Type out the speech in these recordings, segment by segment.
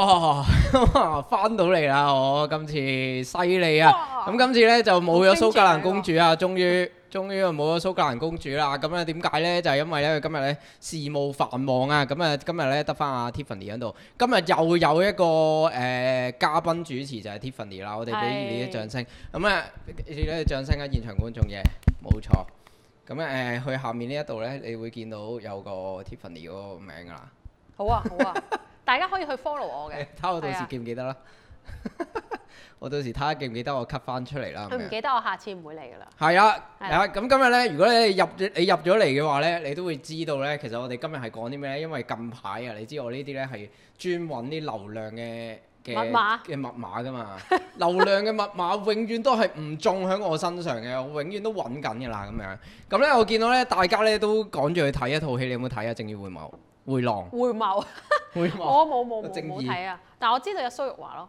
哦哈哈哦、哇！翻到嚟啦，我今次犀利啊！咁今次咧就冇咗蘇格蘭公主啊，終於，終於冇咗蘇格蘭公主啦！咁啊，點解咧？就係、是、因為咧，佢今日咧事務繁忙啊！咁啊，今日咧得翻阿 Tiffany 喺度，今日又有一個誒、呃、嘉賓主持就係 Tiffany 啦，我哋俾你啲掌聲，咁啊是，你哋、嗯呃、掌聲啊，現場觀眾嘅，冇錯。咁啊誒，去下面呢一度咧，你會見到有個 Tiffany 嗰個名㗎啦。好啊，好啊。 大家可以去 follow 我嘅，睇我到時的記唔記得啦。 我到時睇下記唔記得我出，我 cut 翻出嚟啦。佢唔記得，我下次唔會嚟噶啦。係啊，係啊。咁的今日咧，如果你入你入咗嚟嘅話咧，你都會知道咧，其實我哋今日係講啲咩？因為近排啊，你知我呢啲咧係專揾啲流量嘅嘅嘅密碼㗎嘛。 流量嘅密碼永遠都係唔中喺我身上嘅， 我永遠都揾緊㗎啦。咁樣咁咧，我見到咧，大家咧都趕住去睇一套戲，你有冇睇啊？正義迴廊。回浪，回眸，回眸，我冇冇冇冇睇啊！但我知道有蘇玉華咯，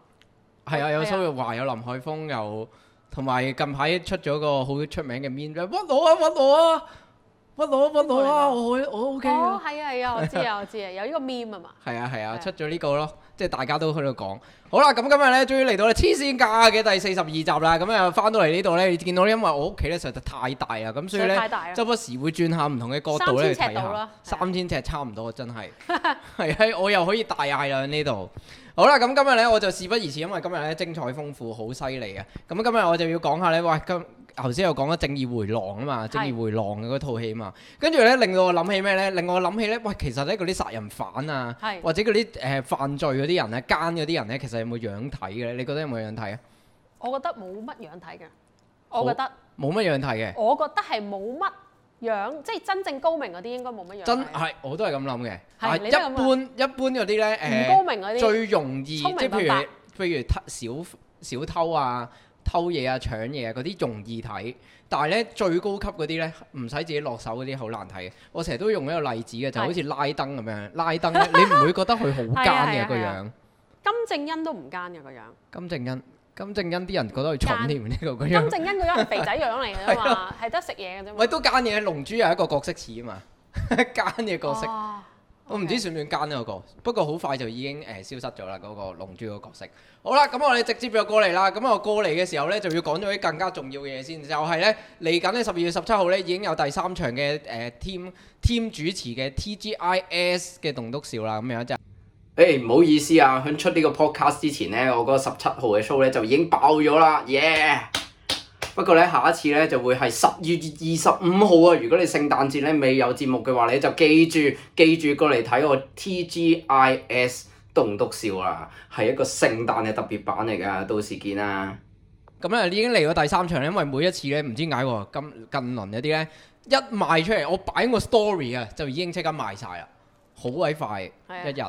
係啊，有蘇玉華，有林海峰，有同埋近排出咗個好出名嘅 meme，屈我啊，屈我啊，屈我啊，屈我啊！我我 O K 啊，係啊係啊，我知啊我知啊，有呢個 meme 啊嘛，係啊係啊，出咗呢個咯。即係大家都喺度講，好啦，咁、嗯、今日咧終於嚟到咧黐線架嘅第四十二集啦，咁又翻到嚟呢度咧，你見到因為我屋企咧實在太大啊，咁所以咧，周不時會轉下唔同嘅角度咧睇下。三千,三千尺差唔多，真係係啊！ 我又可以大嗌啦呢度。好啦，咁、嗯、今日咧我就事不宜遲，因為今日咧精彩豐富，好犀利啊！咁、嗯、今日我就要講下咧，喂咁。今頭先又講緊《正義回廊》啊嘛，是《正義回廊》嗰套戲啊嘛，跟住咧令到我諗起咩咧？令我諗起咧，喂，其實咧嗰啲殺人犯啊，是或者嗰啲誒犯罪嗰啲人咧、奸嗰啲人咧，其實有冇樣睇嘅咧？你覺得有冇樣睇啊？我覺得冇乜樣睇嘅，我覺得冇乜樣睇嘅。我覺得係冇乜樣，即係真正高明嗰啲應該冇乜樣。真係，我都係咁諗嘅。係你咁諗？一般、嗯、一般嗰啲咧唔高明嗰啲最容易即係譬如譬如偷小小，小偷啊。偷嘢啊、搶嘢啊嗰啲容易睇，但係咧最高級嗰啲咧唔使自己落手嗰啲好難睇嘅。我成日都用一個例子嘅，是就好似拉登咁樣，拉登 你唔會覺得佢好奸嘅個、啊啊啊、樣。金正恩都唔奸嘅個樣。金正恩、金正恩啲人覺得佢蠢添呢個個樣子。金正恩個樣係肥仔樣嚟嘅啫嘛，係、 啊、得食嘢嘅啫。喂，都奸嘢，龍珠又係一個角色似啊嘛，奸嘅角色。哦。Okay. 我唔知算唔算奸啊嗰、那個，不過好快就已經誒、呃、消失咗啦嗰個龍珠個角色。好啦，咁我哋直接就過嚟啦。咁我過嚟嘅時候呢，就要講咗啲更加重要嘅嘢先。就係、是、呢，嚟緊咧十二月十七號呢，已經有第三場嘅誒、呃、Tim Tim 主持嘅 TGIS 嘅棟篤笑啦。咁樣就是，誒唔、hey, 好意思啊，響出呢個 podcast 之前呢，我覺得十七號嘅 show 呢，就已經爆咗啦。耶、yeah!！不過咧，下一次咧就會係十二月二十五號啊！如果你聖誕節咧未有節目嘅話，你就記住記住過嚟睇個 TGIS 棟篤笑啊！係一個聖誕嘅特別版嚟㗎，到時見啦。咁咧、嗯、已經嚟到第三場咧，因為每一次咧唔知解喎，近近輪有啲咧一賣出嚟，我擺個 story 啊，就已經即刻賣晒啦，好鬼快的一日。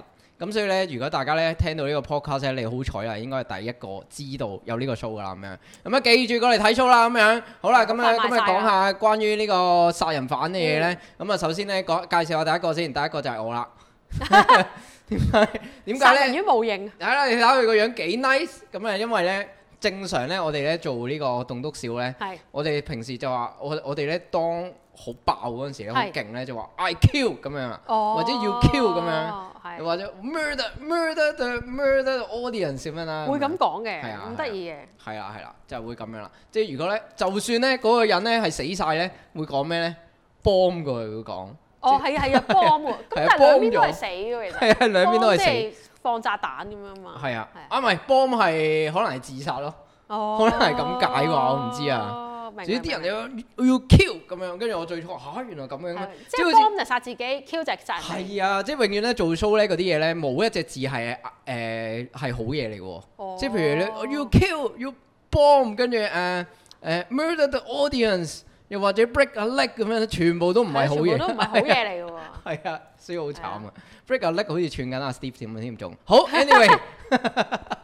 咁、嗯、所以咧，如果大家咧聽到呢個 podcast 咧，你好彩啦，應該係第一個知道有呢個 show 噶啦，咁、嗯、樣。咁、嗯、啊，記住過嚟睇 show 啦，咁、嗯、樣。好啦，咁啊、嗯，咁啊、嗯，講下關於呢個殺人犯嘅嘢咧。咁啊、嗯嗯，首先咧講介紹下第一個先，第一個就係我啦。點解？ 點解咧？要模型。睇啦，你睇下佢個樣幾 nice、嗯。咁啊，因為咧，正常咧，我哋咧做個呢個棟篤笑咧，是我哋平時就話我我哋咧當。好爆嗰陣時好勁咧，就話 I kill 咁樣，或者要 kill 咁樣，又或者 murder，murder the audience 咁樣啦？會咁講嘅，咁得意嘅。係啊係啦，就會咁樣啦。即係如果咧，就算咧嗰個人咧係死晒咧，會講咩咧？Bomb 過佢，會講。哦係啊係啊，bomb 喎。咁但係兩邊都係死喎，其實。係啊，兩邊都係死。放炸彈咁樣嘛。係啊。啊，唔係，bomb 係可能係自殺咯。哦。可能係咁解喎，我唔知啊。直啲人要要 kill 咁樣，跟住我最初嚇原來咁樣，嗯、即係 bomb 就殺自己，kill 就殺人。係啊，即係永遠咧做 show 咧嗰啲嘢咧，冇一隻字係誒係好嘢嚟㗎。即係、哦、譬如咧，要 kill 要 bomb，跟住誒誒 murder the audience，又或者 break a leg 咁樣，全部都唔係好嘢，啊，全部都唔係好嘢嚟㗎。係 啊，啊，所以好慘啊 ！break a leg 好似串緊阿 Steve 點樣添添仲好，anyway。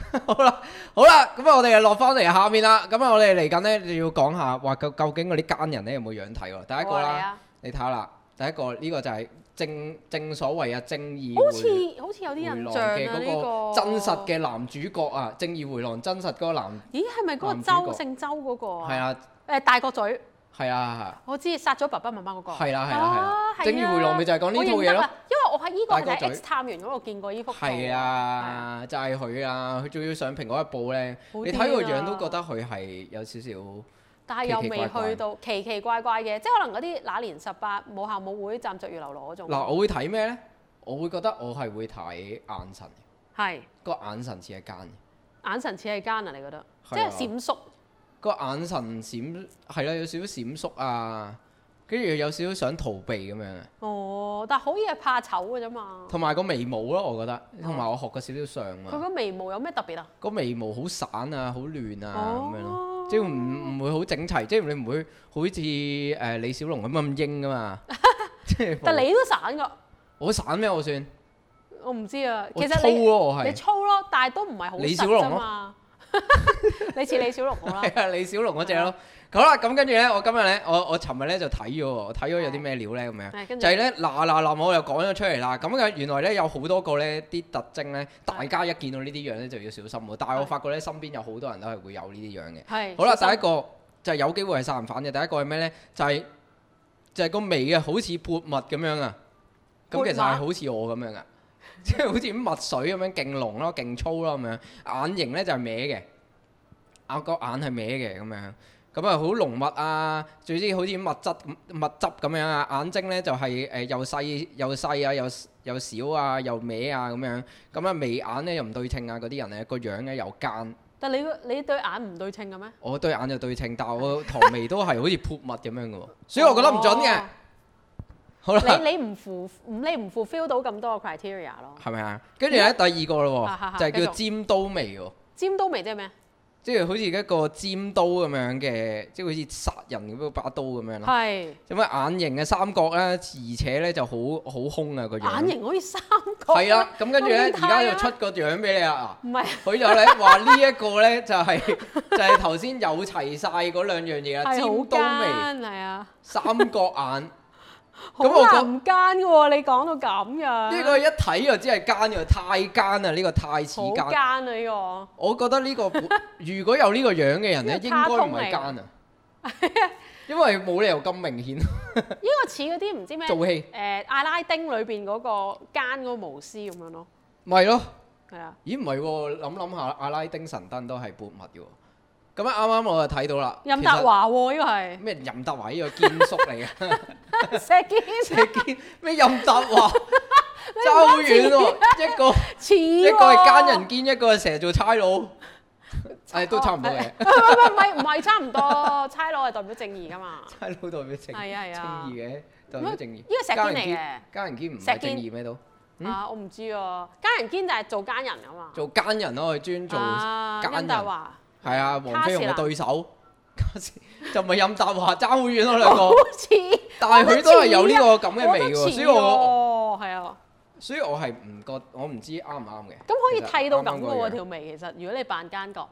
好啦，好啦，咁、嗯、啊，我哋又落翻嚟下面啦。咁、嗯、啊，我哋嚟緊咧，要講下，哇，究究竟嗰啲奸人咧有冇樣睇？第一個啦，你睇下啦，第一個呢、這個就係正正所謂啊正義好，好似好似有啲印象啊，呢個真實嘅男主角啊，這個、正義回廊真實嗰個男，咦係咪嗰個周姓周嗰個？係啊，誒、 啊、 大個國嘴。係啊！啊，啊啊啊啊啊我知殺咗爸爸媽媽嗰個係啦，係啦，正義迴廊咪就係講呢套嘢咯。因為我喺呢個睇 X 探員嗰度見過呢幅圖。係啊，就係佢啊！佢仲要上蘋果日報咧。啊、你睇個樣都覺得佢係有少少奇奇怪怪怪。但係又未去到奇奇怪怪嘅，即係可能嗰啲那年十八母校舞會站著如流羅嗰種。嗱，我會睇咩咧？我會覺得我係會睇眼神。係是個眼神似係奸。眼神似係奸啊！你覺得、啊、即係閃縮。個眼神閃係啦、啊，有少少閃縮啊，跟住有少少想逃避咁、啊、樣。哦，但係好似係怕醜嘅啫嘛。同埋個眉毛咯、啊，我覺得，同埋、嗯、我學嘅少少相啊。佢個眉毛有咩特別啊？個眉毛好散啊，好亂啊，咁、哦、樣咯，即係唔唔會好整齊，即係你唔會好似誒李小龍咁樣咁英㗎嘛。 但你都散㗎。我散咩？我算。我唔知啊，其實你我粗我你粗咯，但係都唔係好李小龍咯、啊。 你似李小龍啦，係 啊，李小龍嗰隻咯。好啦，咁跟住呢，我今日呢，我我尋日呢就睇咗，我睇咗有啲咩料呢？咁樣是，就係呢，嗱嗱嗱，喇喇喇喇我又講咗出嚟啦。咁原來呢，有好多個呢啲特徵呢，大家一見到呢啲樣呢，就要小心喎。但係我發覺呢，身邊有好多人都係會有呢啲樣嘅。好啦心第，第一個就係有機會係殺人犯嘅。第一個係咩呢？就係、是、就係、是、個眉啊，好似潑墨咁樣啊。咁其實係好似我咁樣啊。即係 好似墨水咁樣，勁濃咯，勁粗咯咁樣，樣。眼型咧就係歪嘅，眼個眼係歪嘅咁樣。咁啊好濃密啊，最之好似墨汁墨汁咁樣啊。眼睛咧就係誒又細又細啊，又又少啊，又歪啊咁樣。咁啊眉眼咧又唔對稱啊，嗰啲人咧個樣咧又奸。但你你對眼唔對稱嘅咩？我對眼就對稱，但係我頭眉都係好似潑墨咁樣嘅喎， 所以我覺得唔準嘅。哦。你你唔符唔你唔 fulfill 到咁多個 criteria 咯？係咪啊？跟住咧第二個咯，就叫尖刀眉喎。尖刀眉即係咩？即係好似一個尖刀咁樣嘅，即係好似殺人嗰把刀咁樣啦。係。有咩眼型嘅三角咧？而且咧就好好兇啊個樣。眼型好似三角。係啊，咁跟住咧，而家就出個樣俾你啦。唔係。佢就咧話呢一個咧就係就係頭先有齊曬嗰兩樣嘢啦。尖刀眉係啊，三角眼。好難唔奸嘅喎，你講到咁樣。呢個一睇就知係奸嘅，太奸啦！呢個太似奸。好奸啊！呢個。我覺得呢個如果有呢個樣嘅人咧，應該唔係奸啊。因為冇理由咁明顯。呢個似嗰啲唔知咩。做戲。誒，《阿拉丁》裏邊嗰個奸嗰個巫師咁樣咯。咪咯。係啊。咦？唔係喎，諗諗下，《阿拉丁》神燈都係半密嘅喎。咁啱啱我就睇到啦。任達華喎，呢個係咩？任達華呢個堅叔嚟嘅石堅，石堅咩？任達華差好遠喎，一個似一個係奸人堅，一個係成日做差佬，哎都差唔多嘅。唔係唔係差唔多。差佬係代表正義㗎嘛？差佬代表正義嘅，代表正義。呢個石堅嚟嘅。奸人堅唔係正義咩？都啊，我唔知啊！奸人堅就係做奸人啊嘛。做奸人咯，專做奸人。任達華係啊，黃飛鴻嘅對手，就咪任達華爭好遠咯兩個。但係佢都係有呢個咁嘅眉嘅喎，所以我係啊，所以我係唔覺，我唔知啱唔啱嘅。咁可以剃到咁嘅喎條眉，其實如果你扮奸角，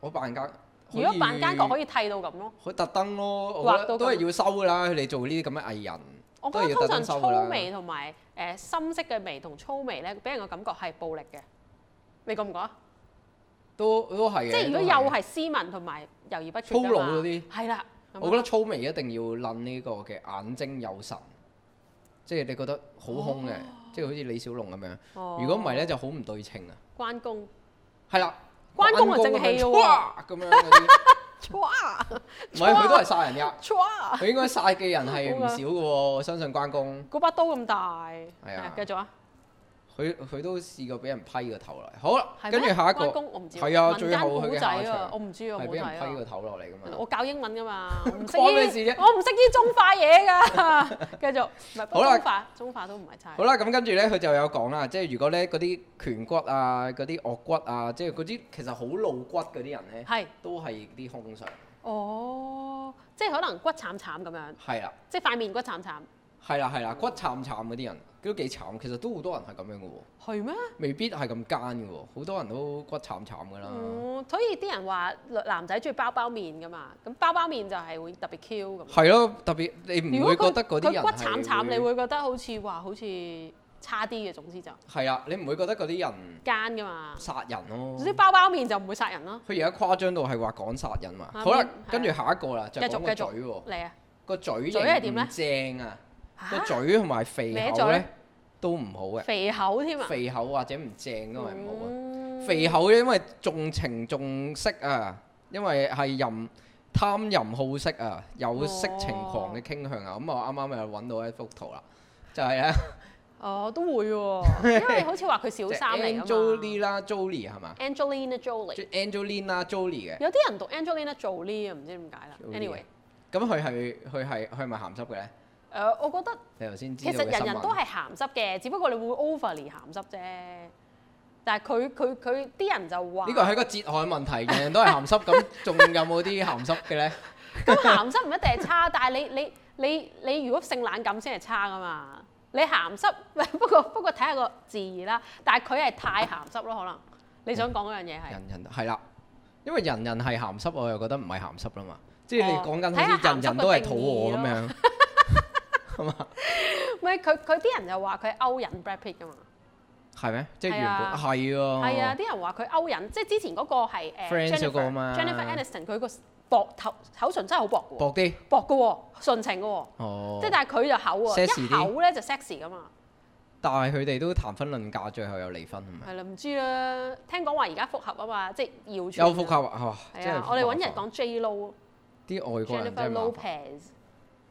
我扮奸。如果扮奸角可以剃到咁咯，佢特登咯，我覺得都係要收嘅啦。佢哋做呢啲咁嘅藝人，都係要特登收嘅啦。粗眉同埋誒深色嘅眉同粗眉咧，俾人嘅感覺係暴力嘅，你覺唔覺啊？都都係嘅。即係如果又係斯文同埋猶豫不決嘅嘛。粗魯嗰啲。係啦。我覺得粗眉一定要擸呢個嘅眼睛有神，即係你覺得好兇嘅，即係好似李小龍咁樣。如果唔係咧，就好唔對稱啊。關公。係啦。關公就正氣喎。咁樣唔係佢都係殺人㗎。佢應該殺嘅人係唔少嘅喎，我相信關公。嗰把刀咁大。係啊。繼續啊。佢佢都試過俾人批個頭嚟，好啦，跟住下一個，係啊，最後佢嘅係俾人批個頭落嚟咁啊！我教英文噶嘛，我唔識啲中化嘢噶，繼續好啦。中化都唔係差。好啦，咁跟住咧，佢就有講啦，即係如果咧嗰啲顴骨啊、嗰啲額骨啊，即係嗰啲其實好露骨嗰啲人咧，都係啲凶相。哦，即係可能骨慘慘咁樣。係啊，即係塊面骨慘慘。係啦，係啦，骨慘慘嗰啲人都幾慘，其實都好多人係咁樣嘅喎。係咩？未必係咁奸嘅喎，好多人都骨慘慘嘅啦。所以啲人話男仔中意包包面嘅嘛，咁包包面就係會特別 Q 咁。係咯，特別你唔會覺得嗰啲人骨慘慘，你會覺得好似話好似差啲嘅。總之就係啊，你唔會覺得嗰啲人奸嘅嘛，殺人咯。總之包包面就唔會殺人咯。佢而家誇張到係話講殺人嘛？好啦，跟住下一個啦，就繼續嘴你啊！個嘴又點正啊？個、啊、嘴同埋肥口咧嘴都唔好嘅，肥口添啊！肥口或者唔正嘅咪唔好啊、嗯！肥口因為重情重色啊，因為係淫貪淫好色啊，有色情狂嘅傾向啊、哦！咁、嗯就係、啊，啱啱又揾到一幅圖啦，就係啊，哦都會喎，因為好似話佢小三嚟咁啊！Angelina Jolie 係嘛 ？Angelina Jolie，Angelina Jolie 嘅。有啲人讀 Angelina Jolie 啊，唔知點解啦。J olie Anyway，咁佢係佢係佢係咪鹹濕嘅咧？誒、呃，我覺得你其實人人都係鹹濕嘅，只不過你會 overly 鹹濕啫。但係佢佢佢啲人就話呢個係個哲學問題。人人都係鹹濕，咁仲 有冇啲鹹濕嘅咧？咁鹹濕唔一定係差， 但係你你你你，你如果性冷感先係差噶嘛？你鹹濕 不過不過睇下個字義啦。但係佢係太鹹濕咯，可能你想講嗰樣嘢係。人人都係啦，因為人人係鹹濕，我又覺得唔係鹹濕啦嘛。即係你講緊好似人人都係肚餓咁樣。 啊，唔係，佢佢啲人又話佢歐人 Brad Pitt 嘛，係咩？即係原本係啊，係啊，啲人話佢歐人，即係之前嗰個係 Friends 嘛，Jennifer Aniston 佢個薄頭口唇真係好薄噶喎，薄啲，薄噶喎，純情噶喎，哦，即係但係佢就厚喎，一厚咧就 sexy 噶嘛，但係佢哋都談婚論嫁，最後又離婚，係咪？係啦，唔知啦，聽講話而家複合啊嘛，即係搖出有複合係啊，我哋揾人講 J-Lo 啲外國人 Jennifer Lopez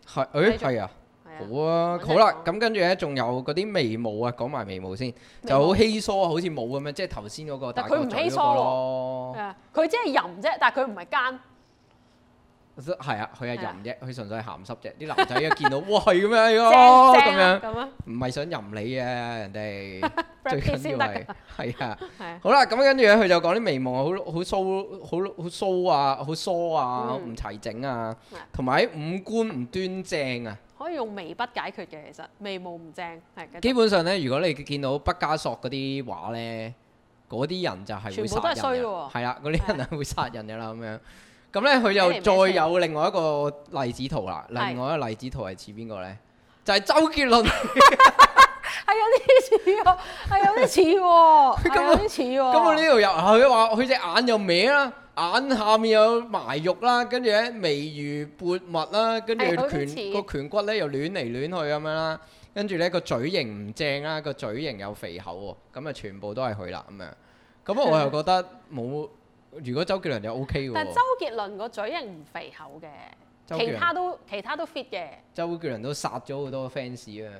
係，誒係啊。好啊，好啦，咁跟住咧，仲有嗰啲眉毛啊，講埋眉毛先，就好稀疏，好似冇咁樣，即係頭先嗰個。但佢唔稀疏咯。誒，佢即係淫啫，但係佢唔係奸。係啊，佢係淫啫，佢純粹係鹹濕啫。啲男仔一見到，哇係咁樣啊，正正咁樣，唔係想淫你啊，人哋最緊要係。係啊。好啦，咁跟住咧，佢就講啲眉毛好好疏，好好疏啊，好疏啊，唔齊整啊，同埋五官唔端正啊。用眉筆解決嘅，其實眉毛唔正係。基本上咧，如果你見到畢加索嗰啲畫咧，嗰啲人就係全部都係衰喎。係啊，嗰啲人係會殺人嘅啦咁樣。咁咧佢又再有另外一個例子圖啦，另外一個例子圖係似邊個咧？就係周杰倫，係有啲似喎，係有啲似喎，有啲似喎。咁佢呢度又佢話佢隻眼又歪啦。眼下面有埋肉啦，跟住咧眉如撥墨啦，跟住拳個、哎、拳,拳骨咧又亂嚟亂去咁樣啦，跟住咧個嘴型唔正啦，個嘴型又肥厚喎、啊，咁啊全部都係佢啦咁樣。咁我又覺得冇， 如果周杰倫就 O K 喎。但係周杰倫個嘴型唔肥厚嘅，其他都其他都 fit 嘅。周杰倫都殺咗好多 fans 啊！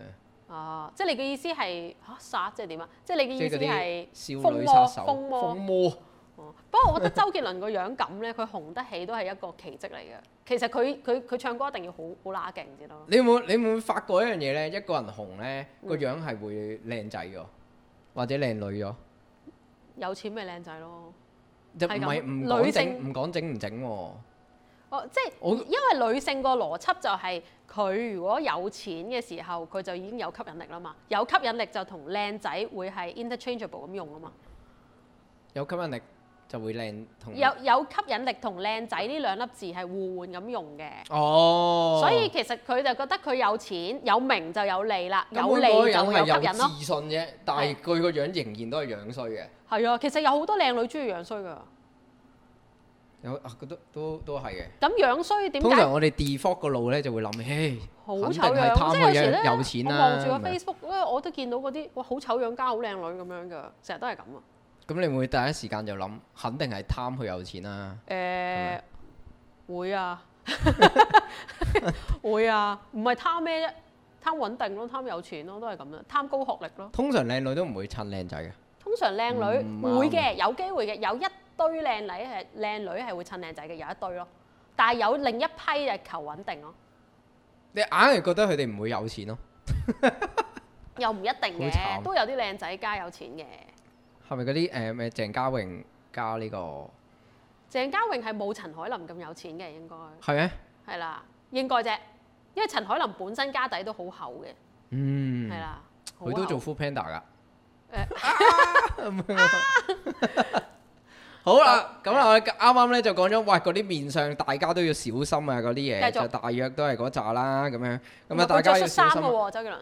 哦，即係你嘅意思係嚇殺即係點啊？即係你嘅意思係、啊啊、少女殺手、風魔。 不過我覺得周杰倫個樣咁咧，佢紅得起都係一個奇蹟嚟嘅。其實佢佢佢唱歌一定要好好乸勁先咯。你有冇你有冇發覺一樣嘢咧？一個人紅咧個、嗯、樣係會靚仔嘅，或者靚女喎。有錢咪靚仔咯。就唔係唔講整唔性講整唔整喎、啊？哦，即係我因為女性個邏輯就係、是、佢如果有錢嘅時候，佢就已經有吸引力啦嘛。有吸引力就同靚仔會係 interchangeable 咁用啊嘛。有吸引力。就會靚同有有吸引力同靚仔呢兩粒字係互換咁用嘅，哦，所以其實佢就覺得佢有錢有名就有利啦，有利就有自信啫。但係佢個樣仍然都係樣衰嘅。係啊，其實有好多靚女中意樣衰㗎。有啊，覺得都都係嘅。咁樣衰點？通常我哋 default 個路咧就會諗，唉，好醜樣。即係有時咧，我望住個 Facebook 咧，我都見到嗰啲哇，好醜樣加好靚女咁樣㗎，成日都係咁啊。咁你會第一時間就諗，肯定係貪佢有錢啦。誒，會啊，會啊，唔係貪咩啫？貪穩定咯，貪有錢咯，都係咁樣，貪高學歷咯。通常靚女都唔會襯靚仔嘅。通常靚女會嘅，有機會嘅，有一堆靚女係靚女係會襯靚仔嘅，有一堆咯。但係有另一批就求穩定咯。你硬係覺得佢哋唔會有錢咯？又唔一定嘅，都有啲靚仔加有錢嘅。係咪嗰啲誒咩？鄭嘉穎加呢個？鄭嘉穎係冇陳凱琳咁有錢嘅，應該係咩？係啦，應該啫。因為陳凱琳本身家底都好厚嘅。嗯，係啦，佢都做 full panda 噶。好啦，咁啊，啱啱咧就講咗，喂，嗰啲面相大家都要小心啊！嗰啲嘢就大約都係嗰扎啦。咁樣咁啊，大家要小心啦。周杰倫，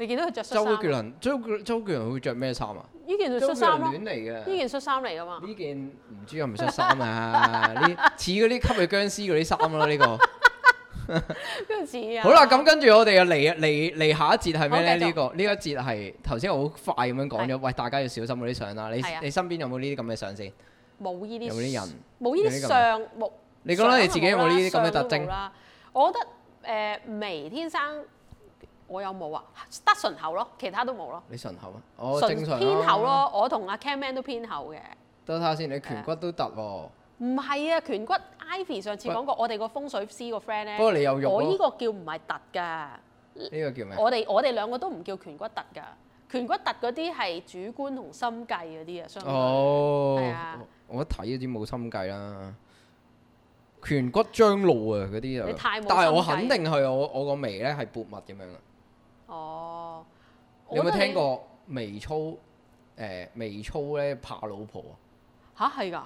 你見到佢着衫？周杰倫，周杰，周杰倫會着咩衫啊？呢件恤衫亂嚟咯，呢件恤衫嚟噶嘛？呢件唔知有唔恤衫啊？呢似嗰啲吸血僵屍嗰啲衫咯，呢個。都似啊！好啦，咁跟住我哋又嚟嚟嚟下一節係咩咧？呢個呢一節係頭先好快咁樣講咗，喂，大家要小心嗰啲相啦。你你身邊有冇呢啲咁嘅相先？冇呢啲。有冇啲人？冇呢啲相，冇。你覺得你自己有冇呢啲咁嘅特徵？我覺得誒，微天生。我有冇啊，得唇厚咯，其他都冇咯。你唇厚啊？正常，偏厚咯。我同阿 Ken Man 都偏厚嘅。等下先，你顴骨都凸喎。唔係啊，顴骨。Ivy 上次講過，我哋個風水師個 friend 咧。不過你有用。我呢個叫唔係凸㗎。呢個叫咩？我哋我哋兩個都唔叫顴骨凸㗎。顴骨凸嗰啲係主觀同心計嗰啲啊，相對。哦。係啊。我一睇嗰啲冇心計啦。顴骨張露啊，嗰啲啊。你太冇心計。但係我肯定係我我個眉咧係薄密咁樣啊。哦，oh, 有冇聽過眉粗？誒、呃、眉粗咧怕老婆啊？嚇係㗎，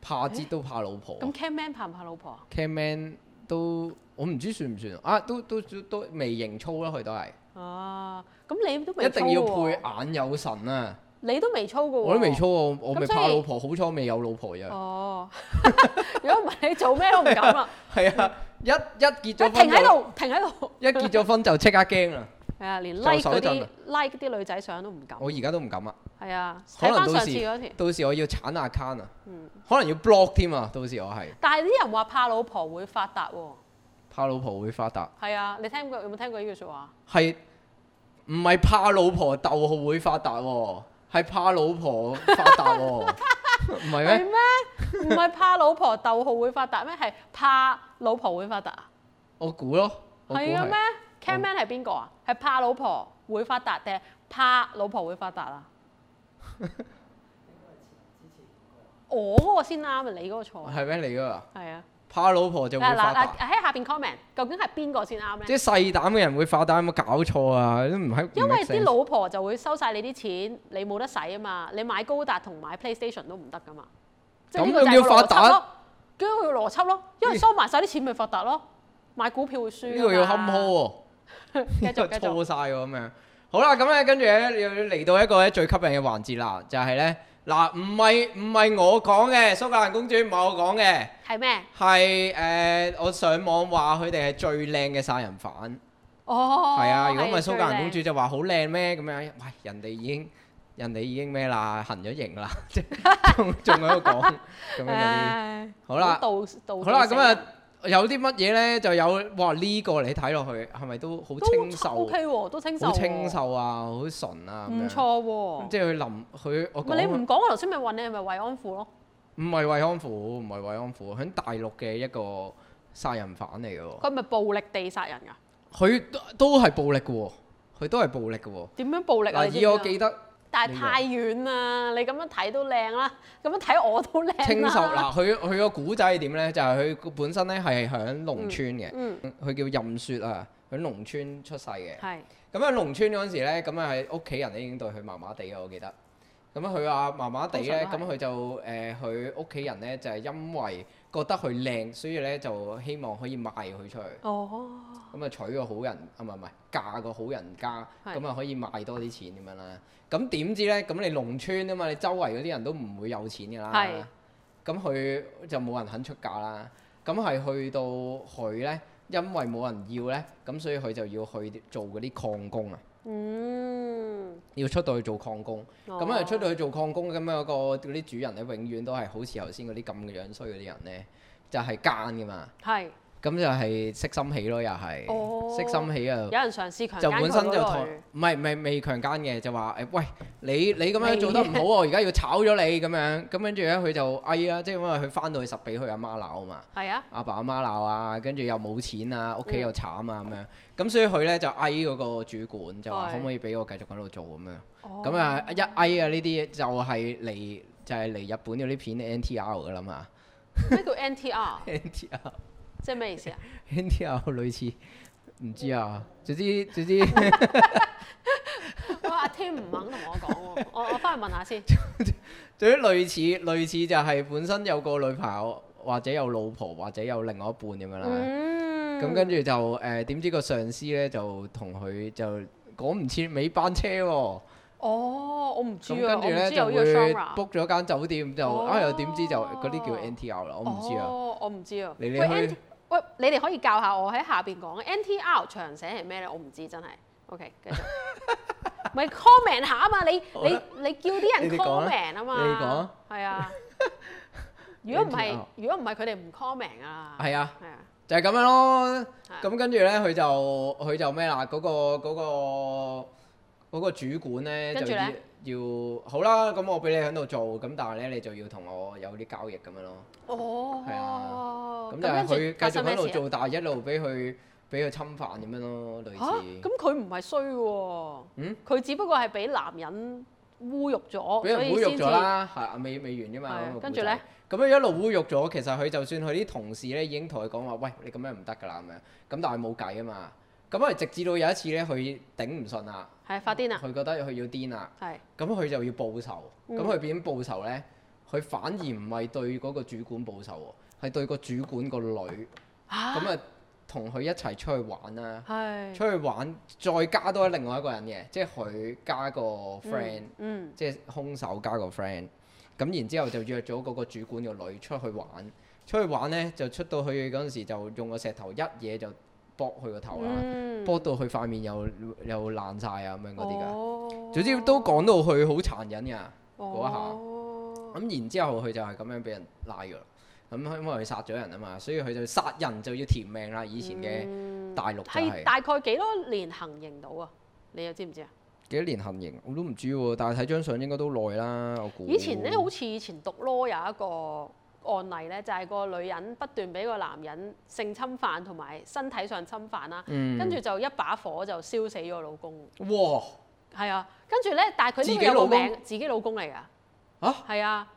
怕脂都怕老婆。咁、欸、can man 怕唔怕老婆啊？can man 都我唔知算唔算啊？都都都眉形粗啦，佢都係。哦、oh，咁你都眉粗啊？一定要配眼有神啊！你都眉粗噶，我都眉粗喎，我我咪怕老婆。好彩未有老婆嘅。哦，如果唔係你做咩我唔敢啦。係 啊。一一結咗，停喺度，停喺度。一結咗婚就即刻驚啦。係啊，連 like 啲 like 啲女仔相都唔敢。我而家都唔敢啦。係啊，可能睇翻上次嗰條。到時我要鏟 account 啊，可能要 block 添啊，到時我係。但係啲人話怕老婆會發達喎。怕老婆會發達。係啊，你聽過有冇聽過呢句説話？係唔係怕老婆逗號會發達喎？係怕老婆發達唔係咩？唔係怕老婆逗號會發達咩？係怕老婆會發達嗎啊！我估咯，係啊咩 Comment 係邊個啊？係怕老婆會發達定係怕老婆會發達啊？ 應該係我嗰個先啱啊！你嗰個錯係咩？你嗰個係啊？怕老婆就係嗱喺下邊 comment，究竟係邊個先啱咧？即係細膽嘅人會發達，有冇搞錯啊？都唔係因為啲老婆就會收晒你啲錢，你冇得使啊嘛！你買高達同買 PlayStation 都唔得噶嘛！咁佢要發達。嗯咁要邏輯咯，因為收埋曬啲錢咪發達咯，買股票會輸。呢個要坎坷喎，繼續，繼續。拖曬喎咁樣。好啦，咁咧跟住咧又嚟到一個咧最吸引嘅環節啦，就係咧嗱，唔係唔係我講嘅蘇格蘭公主，唔係我講嘅。係咩？係誒，我上網話佢哋係最靚嘅殺人犯。哦。係啊，如果唔係蘇格蘭公主就話好靚咩咁樣？喂，人哋已經。人哋已經咩啦，行咗刑啦，即仲仲喺度講咁樣。好啦，好啦，咁啊有啲乜嘢咧？就有哇，呢個你睇落去係咪都好清秀？O K 都清秀。好清秀啊，好純啊。唔錯喎。即係佢林佢我。你唔講，我頭先咪問你係咪慰安婦咯？唔係慰安婦，唔係慰安婦，喺大陸嘅一個殺人犯嚟嘅喎。佢咪暴力地殺人㗎？佢都都係暴力嘅喎，佢都係暴力嘅喎。點樣暴力啊？以我記得。但係太遠啦，這個、你咁樣睇都靚啦，咁樣睇我都靚。清秀嗱，佢佢個古仔係點咧？就係、是、佢本身咧係響農村嘅，佢、嗯嗯、叫任雪啊，響農村出世嘅。係咁喺農村嗰陣時咧，咁啊喺屋企人咧已經對佢麻麻地嘅，我記得。咁佢話麻麻地咧，咁佢就誒佢屋企人咧就係因為。覺得佢靚，所以咧就希望可以賣佢出去。哦，咁啊娶個好人啊，唔係，唔係嫁個好人家，咁啊 可以賣多啲錢咁樣啦。咁點知咧？咁你農村啊嘛，你周圍嗰啲人都唔會有錢㗎啦。係，咁 佢是就冇人肯出價啦。咁係去到佢咧，因為冇人要咧，咁所以佢就要去做嗰啲礦工啊。嗯，要出到去做礦工，咁、哦、樣出到去做礦工咁樣，嗰啲主人咧，永遠都係好似頭先嗰啲咁嘅樣衰嗰啲人咧，就係、是、奸㗎嘛。係。咁就係色心起咯，又係色心起啊！有人嘗試強奸佢，就本身就同唔係唔係未強奸嘅，就話誒喂，你你咁樣做得唔好啊，而家要炒咗你咁樣。咁跟住咧，佢就哀啊，即係因為佢翻到去實俾佢阿媽鬧啊嘛。係啊，阿爸阿媽鬧啊，跟住又冇錢啊，屋企又慘啊咁樣。咁所以佢咧就哀嗰個主管，就話可唔可以俾我繼續喺度做咁樣？咁啊一哀啊呢啲就係嚟就係嚟日本有啲片 NTR 噶啦嘛。咩叫 NTR？NTR。即係咩意思啊？NTL 類似，唔知啊，總之總之，我阿 Tim 唔肯同我講喎，我我返去問下先。總之類似類似就係本身有個女朋友，或者有老婆，或者有另外一半咁樣啦。咁跟住就誒點知個上司咧就同佢就趕唔切尾班車喎。哦，我唔知。跟住咧就 book 咗間酒店，就啊又點知就嗰啲叫 NTL 啦，我唔知啊。哦，我唔知啊。你你去？喂，你哋可以教下我喺下邊講 NTR 長寫係咩咧？我唔知真係。OK，繼續。咪 comment 下啊嘛！你吧你你叫啲人 comment 啊嘛。你講。係 啊。如果唔係， 如果唔係，佢哋唔 comment 啊。係啊。係啊。就係咁樣咯。係、啊。咁跟住咧，佢就佢就咩啦、啊？嗰、嗰個嗰、嗰個嗰、嗰個嗰個主管咧就。 要好啦，咁我俾你喺度做，咁但係咧你就要同我有啲交易咁樣咯。哦，係啊，咁但係佢繼續喺度做，但係一路俾佢俾佢侵犯咁樣咯，啊、類似。嚇、哦！咁佢唔係衰喎，嗯，佢只不過係俾男人侮辱咗，俾人侮辱咗啦，係啊，未未完㗎嘛。啊、跟住咧，咁樣一路侮辱咗，其實佢就算佢啲同事咧已經同佢講話，喂，你咁樣唔得㗎啦，咁樣，咁但係冇計啊嘛。咁啊，直至到有一次咧，佢頂唔順啦，係發癲啦，佢覺得佢要癲啦，係咁佢就要報仇。咁佢點報仇咧？佢反而唔係對嗰個主管報仇喎，係對個主管個女。咁啊，同佢一齊出去玩啦，啊、出去玩再加多另外一個人嘅，即係佢加個 friend、嗯嗯、即係兇手加個 friend。咁然之後就約咗嗰個主管個女出去玩。出去玩咧就出到去嗰陣時就用個石頭一嘢就。剝佢個頭啊，剝、嗯、到佢塊面又又爛晒啊咁樣嗰啲㗎，哦、總之都講到佢好殘忍㗎嗰、哦、一下，咁然之後佢就係咁樣俾人拉㗎啦，咁因為佢殺咗人啊嘛，所以佢就殺人就要填命啦，以前嘅大陸就係、是、大概幾多年行刑到啊？你又知唔知啊？幾多年行刑我都唔知喎，但係睇張相應該都耐啦，我估。以前咧、嗯、好似以前讀 law 有一個。案例咧就係、是、個女人不斷俾個男人性侵犯同埋身體上侵犯啦，跟住、嗯、就一把火就燒死咗哇、啊、老公。哇！係啊，跟住咧，但係佢都要報名，自己老公嚟㗎，嚇係啊，啊，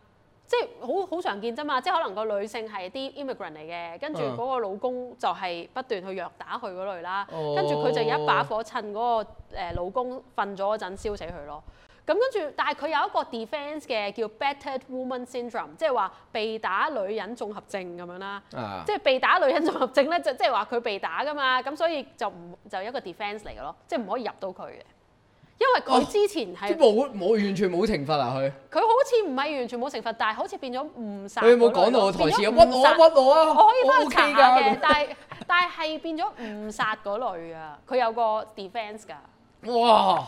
即係好好常見啫嘛，即係可能個女性係啲 immigrant 嚟嘅，跟住嗰個老公就係不斷去虐打佢嗰類啦，跟住佢就一把火趁嗰、那個、呃、老公瞓咗嗰陣燒死佢咯。咁跟住，但係佢有一個 defense 嘅叫 battered woman syndrome，即係話被打女人綜合症咁樣啦。即係、啊、被打女人綜合症咧，就即係話佢被打噶嘛，咁所以就唔就一個 defense 嚟嘅咯，即係唔可以入到佢嘅。因為佢之前係冇冇完全冇懲罰啊，佢佢好似唔係完全冇懲罰，但係好似變咗誤殺。你有冇講到我？有有到我台詞？屈我屈我，我啊！可我可以幫佢查嘅，但係是 但係變咗誤殺嗰類啊。佢有個 defense 㗎。哇！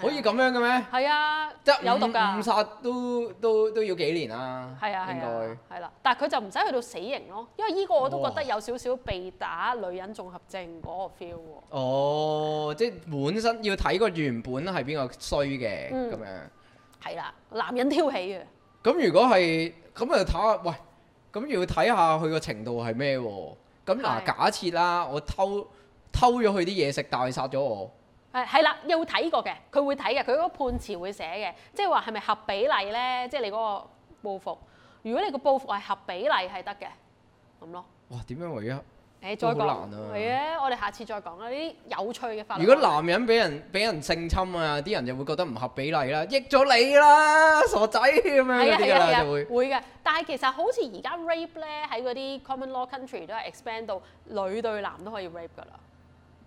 可以咁樣嘅咩？係啊，即有毒噶。誤殺都都都要幾年啦。係啊，應該係啦、啊啊啊。但係佢就唔使去到死刑咯，因為依個我都覺得有少少被打女人綜合症嗰個 feel 喎。哦，即係本身要睇個原本係邊個衰嘅咁樣。係啦、啊，男人挑起嘅。咁如果係咁啊，睇下喂，咁要睇下佢個程度係咩喎？咁嗱，假設啦，我偷偷咗佢啲嘢食，但係殺咗我。係係啦，又睇過嘅，佢會睇嘅，佢嗰個判詞會寫嘅，即係話係咪合比例咧？即係你嗰個報復，如果你個報復係合比例係得嘅，咁咯。哇，點樣唯一？誒，再講，係啊，我哋下次再講啦，啲有趣嘅法律。如果男人俾人俾人性侵啊，啲人就會覺得唔合比例啦，益咗你啦，傻仔咁樣嘅啦，係啊，係啊，係啊，就會。會嘅，但係其實好似而家 rape 咧，喺嗰啲 common law country 都係 expand 到女對男都可以 rape 噶啦。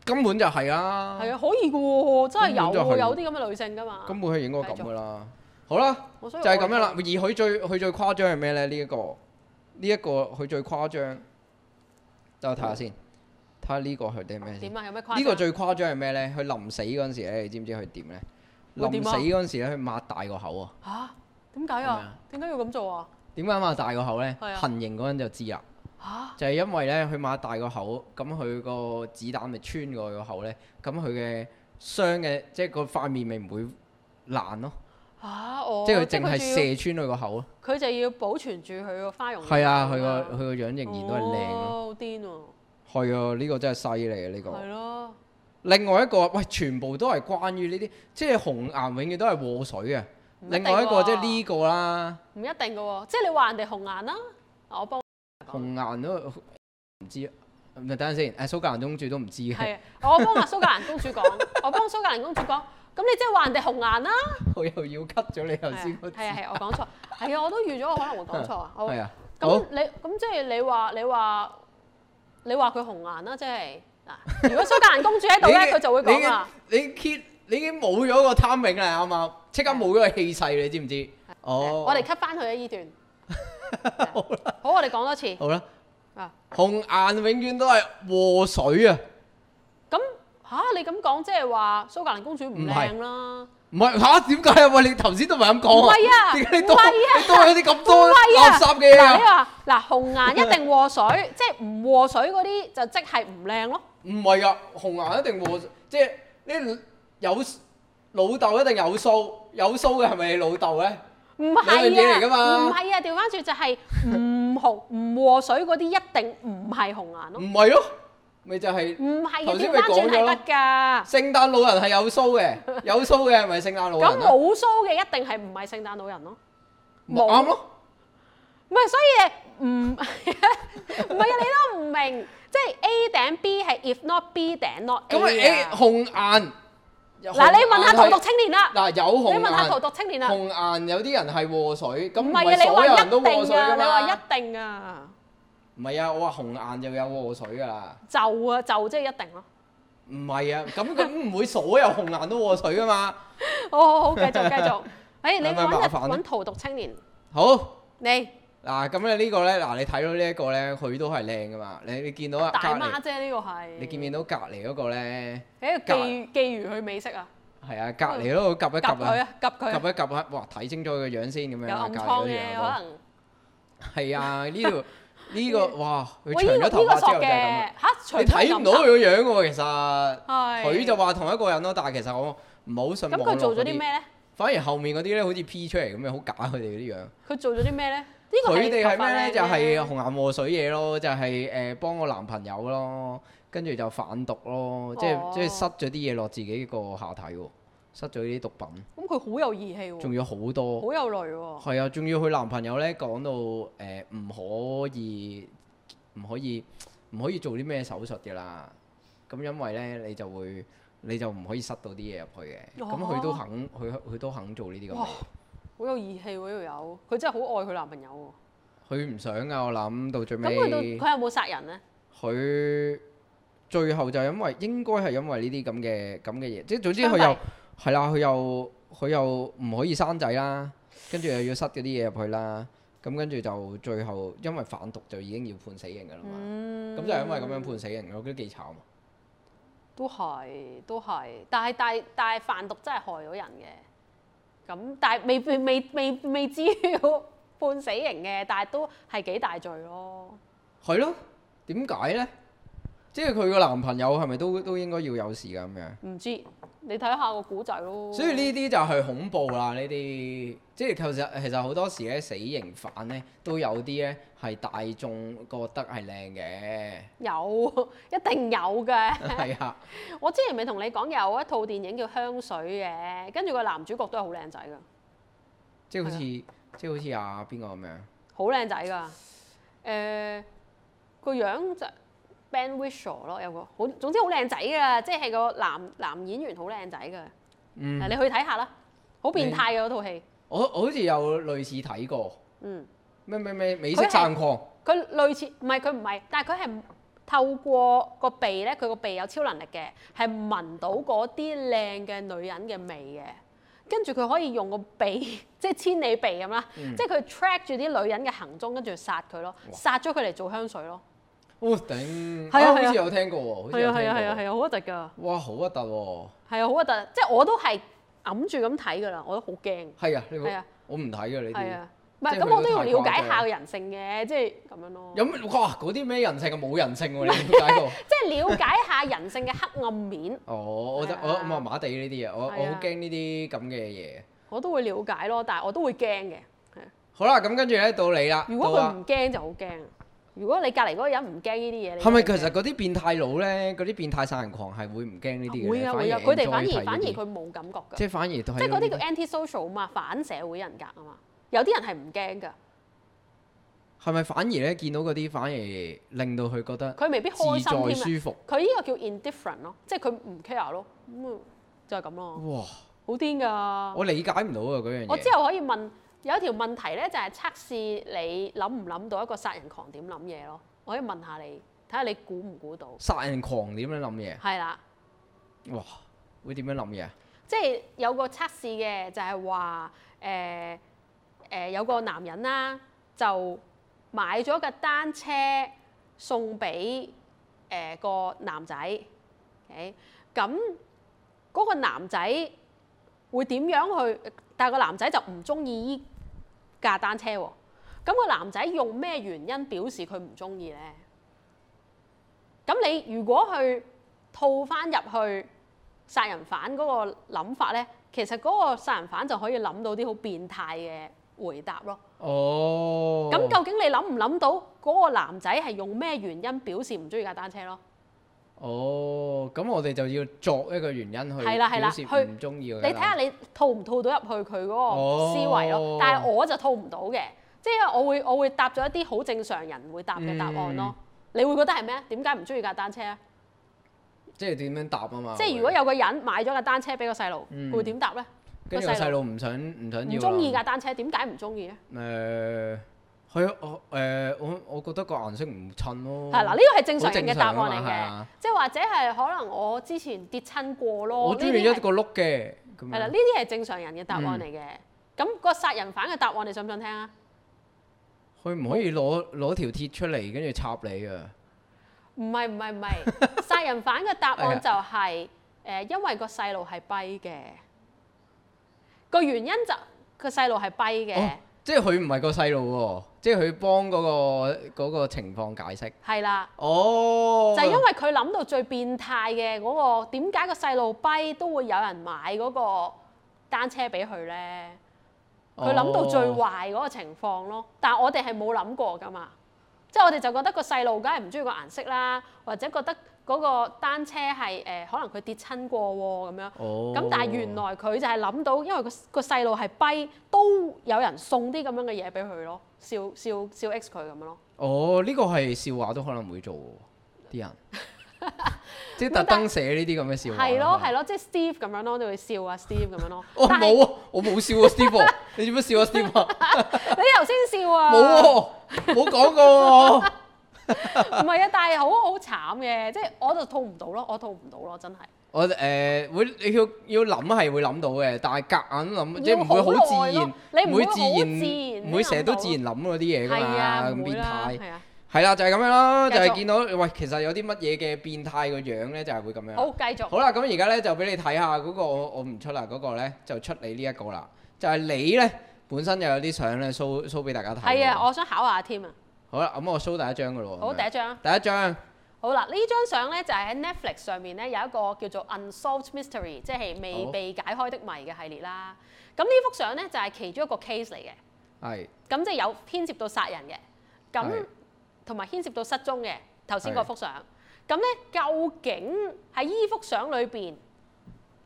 根本就係啊！係啊，可以嘅喎，真係有佢有啲咁嘅女性噶嘛。根本佢應該咁嘅啦。好啦，就係咁樣啦。而佢最佢最誇張係咩咧？呢一個呢一個佢最誇張，等我睇下先，睇下呢個佢啲咩先。點啊？有咩誇張？呢個最誇張係咩咧？佢臨死嗰陣時咧，你知唔知佢點咧？臨死嗰陣時咧，佢擘大個口啊！嚇？點解啊？點解要咁做啊？點解要擘大個口咧？行刑嗰陣就知啦。啊、就係因為咧，佢擘大個口，咁佢個子彈咪穿過個口咧，咁佢嘅傷嘅，即係個塊面咪唔會爛咯。嚇、啊！哦、即係佢淨係射穿佢個口咯。佢就要保存住佢個花容。係啊，佢個佢個樣仍然都係靚咯、哦。好癲喎！係啊，呢、啊這個真係犀利啊！呢、這個。係咯、啊。另外一個，喂，全部都係關於呢啲，即係紅顏永遠都係禍水啊。另外一個即係呢個啦。唔一定㗎喎，即係你話人哋紅顏啦、啊，我紅顏都唔知，唔係等陣先。誒蘇格蘭公主都唔知嘅。係，我幫阿蘇格蘭公主講，我幫蘇格蘭公主講。咁你即係話人哋紅顏啦。佢又要 cut 咗你頭先嗰次。係係，我講錯。係啊，我都預咗我可能會講錯啊。係啊。咁你咁即係你話你話你話佢紅顏啦，即係嗱。如果蘇格蘭公主喺度咧，佢就會講啦。你揭，你已經冇咗個 timing 啦啊嘛，即刻冇咗個氣勢你知唔知？哦。我哋 cut 翻佢啊！呢段。好，好，我哋講多次。好啦，啊，紅顏永遠都係禍水啊！咁吓，你咁講，即係話蘇格蘭公主唔靚啦？唔係吓，點解啊？喂，你頭先都唔係咁講啊？貴啊！點解你多？你多咗啲咁多垃圾嘅嘢啊？嗱，紅顏一定禍水，即係唔禍水嗰啲就即係唔靚咯。唔係啊，紅顏一定禍，即係你有老豆一定有騷，有騷嘅係咪你老豆咧？唔係啊，唔係啊，調翻轉就係唔紅唔禍水嗰啲一定唔係紅顏咯。唔係咯，咪就係。唔係，頭先咪講咗。聖誕老人係有須嘅，有須嘅係咪聖誕老人？咁冇須嘅一定係唔係聖誕老人咯？冇啱咯。唔係，所以唔唔係啊！你都唔明，即係 A 頂 B 係 if not B 頂 not A 啊。咁咪 A 紅顏。嗱，你問下荼毒青年啦。嗱，有紅顏。你問下荼毒青年啊。紅顏有啲人係禍水，咁唔係啊？你話一定啊？你話一定啊？唔係啊，我話紅顏就有禍水噶啦。就啊，就即係一定咯。唔係啊，咁佢唔會所有紅顏都禍水噶嘛。好好好，繼續繼續。誒，你揾一揾荼毒青年。好。你。嗱，咁咧呢個咧，嗱你睇到呢一個咧，佢都係靚噶嘛。你你見到大媽姐呢個係，你見唔見到隔離嗰個咧？誒，寄寄住佢美色啊！係啊，隔離嗰個 𥁤 一 𥁤 啊！𥁤 佢啊一 𥁤 啊！哇，睇清楚佢個樣先咁樣啊！隔離個樣可能係啊，呢度呢個哇，佢長咗頭髮之後就係咁啊！你睇唔到佢個樣喎，其實佢就話同一個人咯，但係其實我唔係好信。咁佢做咗啲咩咧？反而後面嗰啲咧，好似 P 出嚟咁樣，好假佢哋嗰啲樣。佢做咗啲咩咧？佢哋係咩呢？就係、是、紅顏禍水嘢咯，就係、是、誒、呃、幫個男朋友咯，跟住就販毒咯，即係、哦、即係塞咗啲嘢落自己個下體喎，塞咗啲毒品。咁佢好有義氣喎。仲要好多。好有淚喎。係啊，仲要佢男朋友呢講到誒唔、呃、可以，唔可以，唔可以做啲咩手術嘅啦。咁因為呢，你就會，你就唔可以塞到啲嘢入去嘅。咁佢、哦嗯、都肯，佢佢都肯做呢啲咁嘅。好有義氣喎呢條友。佢、這個、真係好愛佢男朋友喎。佢唔想㗎，我諗到最尾。佢有冇殺人呢？佢最後就因為應該係因為呢啲咁嘅咁嘅嘢，即係總之佢又係啦，佢斃又佢又唔可以生仔啦，跟住又要塞嗰啲嘢入去啦，咁跟住就最後因為販毒就已經要判死刑㗎啦嘛。咁、嗯、就係因為咁樣判死刑，我覺得幾慘都。都係都係，但係但但係販毒真係害咗人嘅。咁，但係未未未未未至於判死刑嘅，但係都係幾大罪咯。係咯，點解咧？即係佢個男朋友係咪都都應該要有事㗎咁樣？唔知，你睇下個故仔咯。所以呢啲就係恐怖啦！呢啲即係其實其實好多時咧，死刑犯咧都有啲咧係大眾覺得係靚嘅。有，一定有嘅。係啊！我之前咪同你講有一套電影叫《香水》嘅，跟住個男主角都係好靚仔㗎。即係好似即係好似阿邊個咁樣。好靚仔㗎！誒，個樣就～Ben Whishaw 咯，aw，有個好，總之好靚仔㗎，即係個男男演員好靚仔㗎。嗯、啊，你去睇下啦，好變態嘅嗰套戲。我我好似有類似睇過。嗯。咩咩咩？美色慾狂。佢類似，唔係佢唔係，但係佢係透過個鼻咧，佢個鼻有超能力嘅，係聞到嗰啲靚嘅女人嘅味嘅，跟住佢可以用個鼻，即係千里鼻咁啦，嗯、即係佢 track 住啲女人嘅行蹤，跟住殺佢咯，哇 殺咗佢嚟做香水咯。哇！頂，係啊，好似有聽過喎，好似有聽過。係啊係啊係啊，好核突㗎！哇，好核突喎！係啊，好核突，即係我都係揞住咁睇㗎啦，我都好驚。係啊，係啊，我唔睇㗎呢啲。係啊，唔係咁，我都要了解下人性嘅，即係咁樣咯。有咩哇？嗰啲咩人性啊？冇人性喎！瞭解過，即係了解下人性嘅黑暗面。哦，我覺得我麻麻地呢啲嘢，我我好驚呢啲咁嘅嘢。我都會了解咯，但係我都會驚嘅。係啊。好啦，咁跟住咧到你啦。如果佢唔驚就好驚啊！如果你隔離嗰個人唔驚呢啲嘢，係咪其實嗰啲變態佬咧，嗰啲、嗯、變態殺人狂係會唔驚呢啲嘅？會啊會啊，佢哋反而、啊、反而佢冇感覺㗎。即係反而都係。即係嗰啲叫 anti-social 啊嘛，反社會人格啊嘛。有啲人係唔驚㗎。係咪反而咧見到嗰啲反而令到佢覺得佢未必開心舒服。佢呢個叫 indifferent 咯，即係佢唔 care 咯，咁就係咁咯。哇！好癲㗎！我理解唔到啊嗰樣嘢。我之後可以問。有條問題咧，就係測試你諗唔諗到一個殺人狂點諗嘢咯。我可以問下你，睇下你估唔估到殺人狂點樣諗嘢？係啦。哇！會點樣諗嘢？即係有個測試嘅，就係話誒誒有個男人啦，就買咗架單車送俾誒個男仔。誒咁嗰個男仔會點樣去？但係個男仔就唔中意依架單車喎，咁個男仔用咩原因表示佢唔鍾意呢？咁你如果去套返入去殺人犯嗰個諗法呢，其實嗰個殺人犯就可以諗到啲好變態嘅回答咯。哦，咁究竟你諗唔諗到嗰個男仔係用咩原因表示唔鍾意架單車咯？哦，咁、oh, 我哋就要作一個原因去表，表示佢唔中意。你睇下你套唔套到入去佢嗰個思維咯。Oh. 但係我就套唔到嘅，即係我會我會答咗一啲好正常人會答嘅答案咯。嗯、你會覺得係咩？點解唔中意架單車啊？即係點樣答啊嘛？即係如果有個人買咗架單車俾、嗯、個細路，會點答咧？個細路唔想唔想要啊？唔中意架單車，點解唔中意咧？誒、呃。係啊，我誒我我覺得個顏色唔襯咯。係 啦樂，呢個係正常人嘅答案嚟嘅， 即係或者係可能我之前跌親過咯。我中意一個碌嘅。係啦，呢啲係正常人嘅答案嚟嘅。咁、嗯、個殺人犯嘅答案你想唔想聽啊？佢唔可以攞攞條鐵出嚟，跟住插你啊！唔係唔係唔係， 殺人犯嘅答案就係、係、誒， 哎、呀 因為個細路係跛嘅。個原因就係個細路係跛嘅。即係佢唔係個細路喎。即係佢幫嗰個嗰個情況解釋。係啦。哦。Oh, 就因為佢諗到最變態嘅，嗰個點解個細路跛都會有人買嗰個單車俾佢咧？佢諗到最壞嗰個情況咯。Oh, 但係我哋係冇諗過㗎嘛。即係我哋就覺得個細路梗係唔中意個顏色啦，或者覺得。嗰個單車係、呃、可能佢跌親過喎咁樣。哦。咁但係原來佢就係諗到，因為個個細路係跛，都有人送啲咁樣嘅嘢俾佢咯，笑笑笑 X 佢咁樣咯。哦，呢、呢個係笑話都可能會做嘅，啲人。 是 即係特登寫呢啲咁嘅笑話。係咯係咯，即係、就係、Steve 咁樣咯，你會笑啊 Steve 咁樣咯。 哦冇是、哦、啊，我冇笑啊 Steve，你做乜笑啊 Steve？你頭先笑啊？冇喎、 啊，冇講 過喎、啊 啊。 唔係啊，但係好好慘嘅，即係我就吐唔到咯，我吐唔到咯，真係。我誒、呃、會你要要諗係會諗到嘅，但係夾硬諗要即係唔會好自然，你唔會自然，唔會成日都自然諗嗰啲嘢噶嘛，咁變態係啊，係啦，變態啊、就係、是、咁樣咯，繼續就係見到喂，其實有啲乜嘢嘅變態個樣咧，就係、是、會咁樣。好，繼續。好啦，咁而家咧就俾你睇下嗰個我唔出啦，嗰、那個咧就出你呢一個啦，就係、是、你咧本身又有啲相咧，show show 俾大家睇。係啊，我想考下添啊。好啦，咁我 show 第一張嘅咯喎。好，第一張，啊。第一張，啊。好啦，張呢張相咧就係、是、喺 Netflix 上面咧有一個叫做 Unsolved Mystery，即係未被解開的謎嘅系列啦。咁好呢幅相咧就係、是、其中一個 case 嚟嘅。係是。咁即係有牽涉到殺人嘅，咁同埋牽涉到失蹤嘅。頭先嗰幅相。咁咧是究竟喺呢幅相裏邊？誒、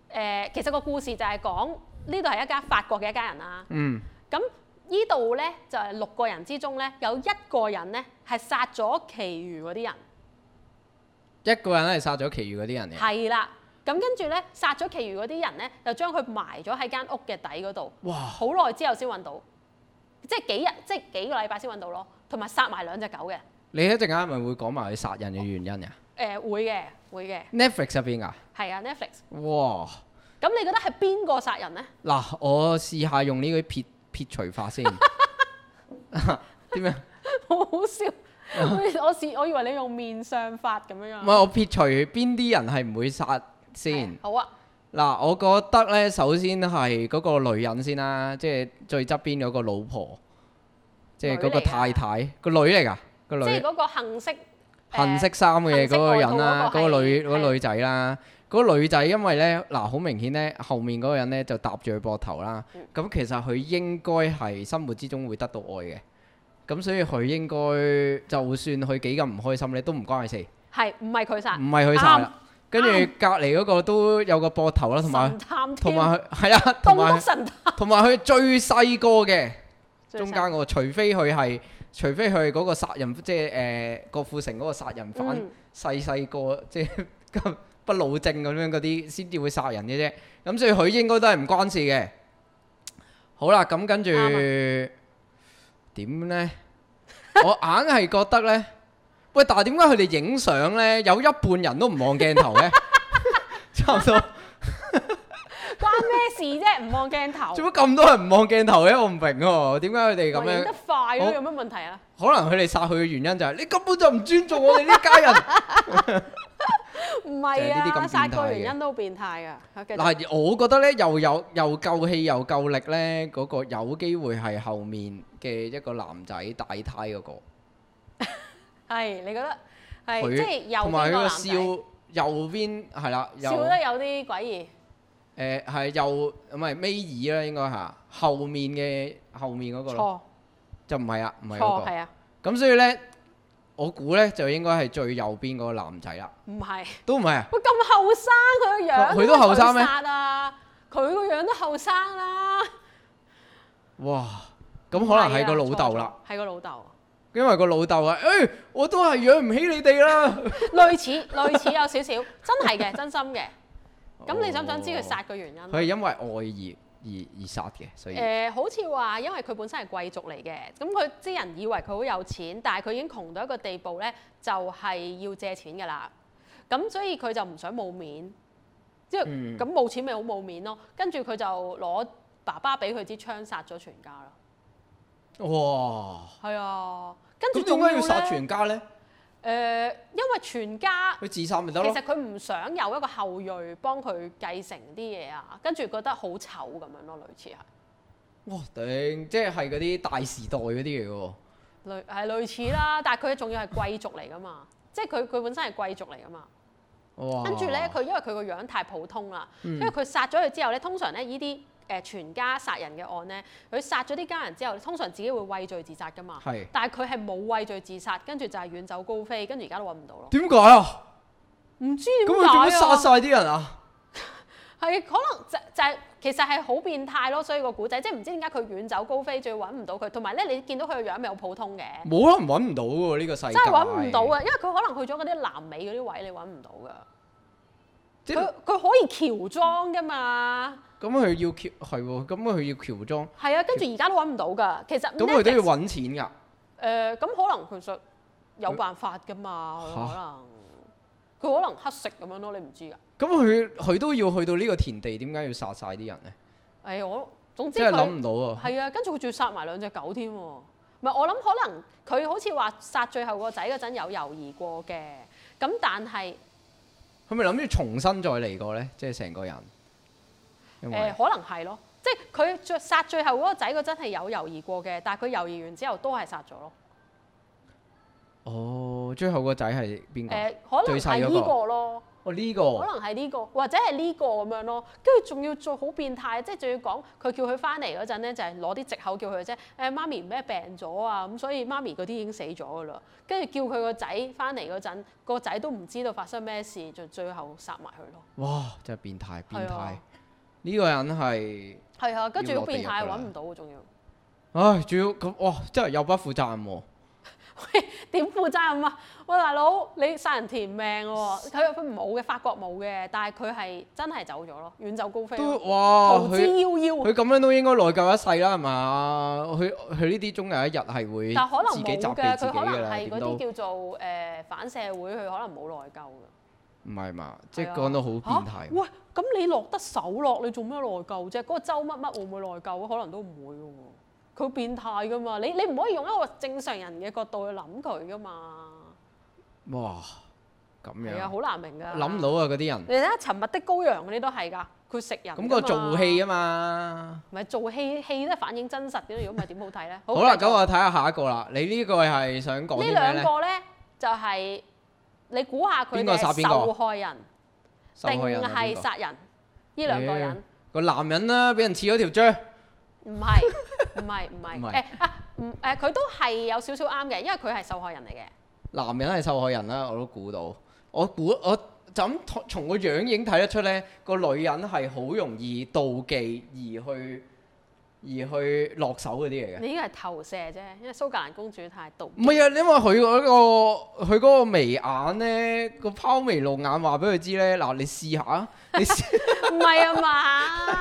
呃，其實個故事就係講呢度係一家法國嘅一家人啦、啊嗯。嗯。咁。呢度咧就係、是、六個人之中咧有一個人咧係殺咗其餘嗰啲人，一個人係殺咗其餘嗰啲人嘅、啊。係啦，咁跟住咧殺咗其餘嗰啲人咧，就將佢埋咗喺間屋嘅底嗰度。哇！好耐之後先揾到，即係幾日，即係幾個禮拜先揾到咯。同埋殺埋兩隻狗嘅。你一陣間係咪會講埋佢殺人嘅原因呀、啊？誒、哦呃，會嘅，會嘅、啊。Netflix 入邊啊？係啊，Netflix。哇！咁你覺得係邊個殺人咧？嗱，我試下用呢個片。撇除法先 樣，點樣？好好笑！我我我以為你用面相法咁樣樣、啊。唔係我撇除邊啲人係唔會殺先、哎。好啊。嗱，我覺得咧，首先係嗰個女人先啦，即係最側邊嗰個老婆，即係嗰個太太，女個女嚟㗎，個女。即係嗰個杏色杏色衫嘅嗰個人啦，嗰女嗰、嗰個、是個女仔啦。嗰女仔因為咧，嗱好明顯咧，後面嗰個人咧就搭住佢膊頭啦。咁其實佢應該係生活之中會得到愛嘅。咁所以佢應該就算佢幾咁唔開心咧，都唔關佢事。係唔係佢殺？唔係佢殺啦。跟住隔離嗰個都有個膊頭啦，同埋同埋佢係啊，同埋同埋佢最細個嘅中間個，除非佢係除非佢嗰個殺人，即係誒郭富城嗰個殺人犯細細個，即係咁。不老症咁樣嗰啲先至會殺人嘅啫，咁所以佢應該都係唔關事嘅。好啦，咁跟住點咧？我硬係覺得咧，喂，但係點解佢哋影相咧有一半人都唔望鏡頭咧？差唔多關咩事啫？唔望鏡頭，做乜咁多人唔望鏡頭咧？我唔明喎，點解佢哋咁樣？影得快咁有乜問題啊？可能佢哋殺佢嘅原因就係你根本就唔尊重我哋呢家人。唔係啊，殺個原因都變態噶。但係，我覺得咧又有又夠氣又夠力咧，嗰個有機會係後面嘅一個男仔大胎嗰個。係，你覺得係即係右邊個男仔。同埋佢笑右邊係啦，笑得有啲詭異。誒，係右唔係尾二啦，應該嚇。後面嘅後面嗰個錯就唔係啊，唔係嗰個。錯係啊。咁所以咧。我估咧就應該係最右邊嗰個男仔啦。唔係，都唔係。喂，咁後生，佢個樣。佢都後生咩？殺啊！佢個樣都後生啦。哇！咁可能係個老豆啦。係個老豆。因為個老豆啊，誒，我都係養唔起你哋啦。類似類似有少少，真係嘅，真心嘅。咁你想唔想知佢殺嘅原因？佢係因為愛意。而而殺嘅，所以誒、呃，好似話，因為佢本身係貴族嚟嘅，咁佢啲人以為佢好有錢，但係佢已經窮到一個地步咧，就係、係、要借錢㗎啦。咁所以佢就唔想冇面，即係咁冇錢咪好冇面咯。跟住佢就攞爸爸俾佢支槍殺咗全家啦。哇！係啊，跟住點解要殺全家咧？誒、呃，因為全家佢自殺咪得咯，其實佢唔想有一個後裔幫佢繼承啲嘢啊，跟住覺得好醜咁樣咯，類似係。哇！頂，即係嗰啲大時代嗰啲嘢喎。類係類似啦， 但係佢仲要係貴族嚟噶嘛，即係佢佢本身係貴族嚟噶嘛。哇跟住咧，佢因為佢個樣太普通啦，嗯、因為佢殺咗佢之後咧，通常咧依啲。誒、呃、全家殺人嘅案咧，佢殺咗啲家人之後，通常自己會畏罪自殺噶嘛。係是，但係佢係冇畏罪自殺，跟住就係遠走高飛，跟住而家都揾唔到咯。點解啊？唔知點解啊？咁佢點樣殺曬啲人啊？係 可能就就係其實係好變態咯，所以個古仔即係唔知點解佢遠走高飛，最揾唔到佢，同埋咧你見到佢個樣咪好普通嘅。冇可能揾唔到喎，呢個世界真係揾唔到啊！因為佢可能去咗嗰啲南美嗰啲位，你揾唔到㗎。佢佢可以喬裝㗎嘛？咁佢要喬，係喎，咁佢要喬裝。係啊，跟住而家都揾唔到㗎。其實咁佢都要揾錢㗎。誒，咁可能其實有辦法㗎嘛？可能佢可能黑食咁樣咯，你唔知㗎。咁佢佢都要去到呢個田地，點解要殺晒啲人咧？誒，我總之諗唔到啊。係啊，跟住佢仲要殺埋兩隻狗添、啊、喎。唔係，我諗可能佢好似話殺最後個仔嗰陣有猶豫過嘅，咁但係。佢咪諗住重新再嚟過咧？即係成個人。誒、欸，可能係咯，即係佢著殺最後嗰個仔，佢真係有猶豫過嘅，但係佢猶豫完之後都係殺咗咯。哦，最後個仔係邊個？誒、欸，可能係依、這個咯。哦這個、可能係呢、這個，或者係呢、這個咁樣咯，跟住仲要做好變態，即係仲要講佢叫佢翻嚟嗰陣咧，就係攞啲藉口叫佢啫。誒、哎、媽咪咩病咗啊，咁所以媽咪嗰啲已經死咗噶啦。跟住叫佢個仔翻嚟嗰陣，個仔都唔知道發生咩事，就最後殺埋佢咯。哇！真係變態，變態！呢個人係係啊，跟住又變態，揾唔到仲要。唉，仲要咁哇，真係又不負責任喎！點 負責任啊！喂，大佬，你殺人填命喎、啊！佢佢冇嘅，法國冇嘅，但係佢係真係走咗咯，遠走高飛咯、啊。都哇！逃之夭夭，佢咁樣都應該內疚一世啦，係嘛？佢佢呢啲終有一日係會自己責備自己㗎啦。但可能冇嘅，佢可能係嗰啲叫做誒、呃、反社會，佢可能冇內疚㗎。唔係嘛？即係講到好變態。啊啊、喂，咁你落得手落，你做咩內疚啫？嗰、嗰個周乜乜會唔會內疚啊？可能都唔會嘅喎。佢變態㗎嘛？你你唔可以用一個正常人嘅角度去諗佢㗎嘛？哇，咁樣係啊，好難明㗎。諗唔到啊，嗰啲人你睇下《沉默的羔羊》，嗰啲都係㗎，佢食人。咁個做戲啊嘛。唔係做戲，戲都係反映真實嘅。如果唔係點好睇咧？好啦，咁我睇下下一個啦。你呢個係想講啲咩咧？呢兩個咧就係你估下佢係受害人定係殺人？呢兩個人，個男人啦，俾人刺咗條脹。唔係。唔係唔係，誒啊唔，誒、佢，嗯呃、都係有少少啱嘅，因為佢係受害人嚟嘅。男人係受害人啦，我都估到。我估我就咁從個樣影睇得出咧，個女人係好容易妒忌而去而去落手嗰啲嚟嘅。你應該係投射啫，因為蘇格蘭公主太妒。唔係啊，因為佢嗰，個佢嗰個眉眼咧，個拋眉露眼話俾佢知咧。嗱，你試下啊，你唔係啊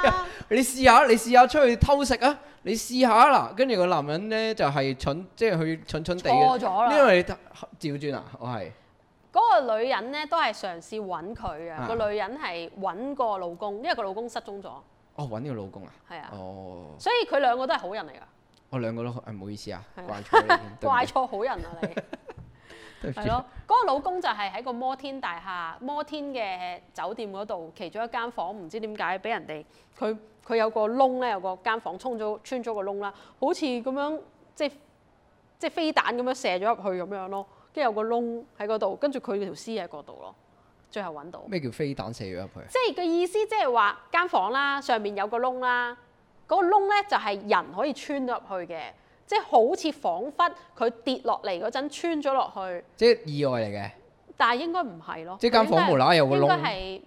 嘛？你試下，你試下出去偷食啊！你試下啦，跟住個男人咧就係蠢，即係佢蠢蠢地嘅。過咗啦。因為你照轉啊，我係。嗰個女人咧都係嘗試揾佢嘅，個女人係揾個老公，因為個老公失蹤咗。哦，揾呢個老公啊。係啊。哦。所以佢兩個都係好人嚟噶。哦，兩個都，誒，唔好意思啊，怪錯，怪錯好人啊你。係咯。嗰個老公就係喺個摩天大廈、摩天嘅酒店嗰度，其中一間房唔知點解俾人哋佢。佢有個窿咧，有個間房穿咗穿咗個窿啦，好似咁樣即係即係飛彈咁樣射咗入去咁樣咯，跟住有個窿喺嗰度，跟住佢條屍喺嗰度咯，最後揾到。咩叫飛彈射咗入去？即係個意思，即係話間房啦，上面有個窿啦，嗰個窿咧就係人可以穿咗入去嘅，即係好似彷彿佢跌落嚟嗰陣穿咗落去。即係意外嚟嘅。但係應該唔係咯。即係間房門罅有個窿，應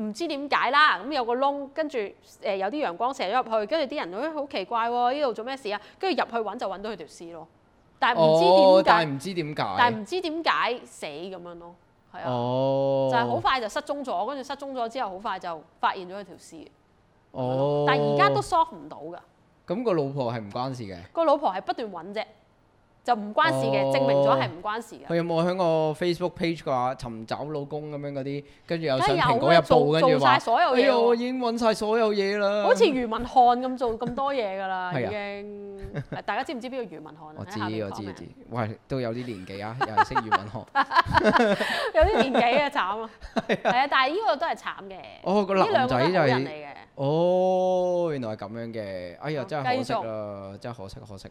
唔知點解啦，咁、嗯、有個窿，跟住誒有啲陽光射咗入去，跟住啲人好、欸、奇怪喎，呢度做咩事啊？跟住入去揾就揾到佢條屍咯，但係唔知點解、哦，但係唔知點解，但係唔知點解、哦、死咁樣咯，係啊，就係、是、好快就失蹤咗，跟住失蹤咗之後，好快就發現咗佢條屍，哦、但係而家都 solve 唔到㗎。咁個、嗯嗯、老婆係唔關事嘅，個老婆係不斷揾啫。就唔關事嘅，證明咗係唔關事嘅。佢有冇喺個 Facebook page 嗰下尋找老公咁樣嗰啲，跟住有神經嗰一步，跟住話，我已經揾曬所有嘢啦。好似余文漢咁做咁多嘢噶啦，已經。大家知唔知邊個余文漢啊？我知我知我知，喂，都有啲年紀啊，有人識余文漢。有啲年紀啊，慘啊！係啊，但係呢個都係慘嘅。哦，個男仔就係。哦，原來係咁樣嘅。哎呀，真係可惜啦，真係可惜，可惜。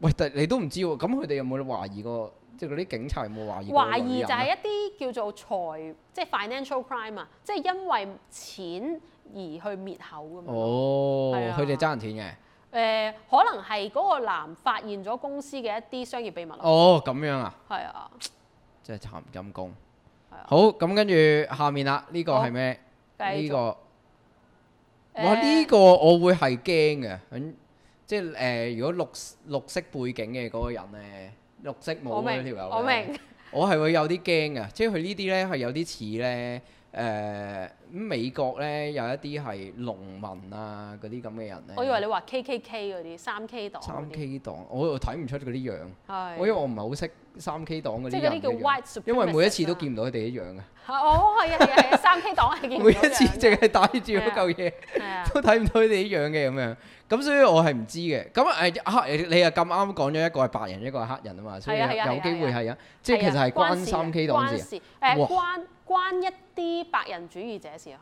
喂，但你都唔知喎，咁佢哋有冇懷疑過？即係嗰啲警察有冇懷疑？懷疑就係一啲叫做財，即係 financial crime 啊，即係因為錢而去滅口咁樣。哦，佢哋爭錢嘅。誒、呃，可能係嗰個男發現咗公司嘅一啲商業秘密。哦，咁樣啊。係啊。即係慘，陰 公。係啊。好，咁跟住下面啦，呢、呢個係咩？呢、哦、繼續。呢個呃、哇！呢、呢個我會係驚嘅。嗯即係誒、呃，如果綠綠色背景嘅嗰個人咧，綠色帽嗰條友咧，我係會有啲驚㗎。 即係佢呢啲咧係有啲似咧。誒，咁美國咧有一啲係農民啊嗰啲咁嘅人咧，我以為你話 K K K 嗰啲三 K 黨，三 K 黨我又睇唔出嗰啲樣，我以為我唔係好識三 K 黨嗰啲人，呢啲叫 White Supremacy，因為每一次都見唔到佢哋啲樣啊。哦係啊係啊，三 K 黨係見，每一次淨係戴住嗰嚿嘢，都睇唔到佢哋啲樣嘅咁樣，咁所以我係唔知嘅，咁啊黑，你又咁啱講咗一個係白人一個係黑人啊嘛，所以有機會係啊，即係其實係關三 K 黨事，誒關。關一啲白人主義者事啊？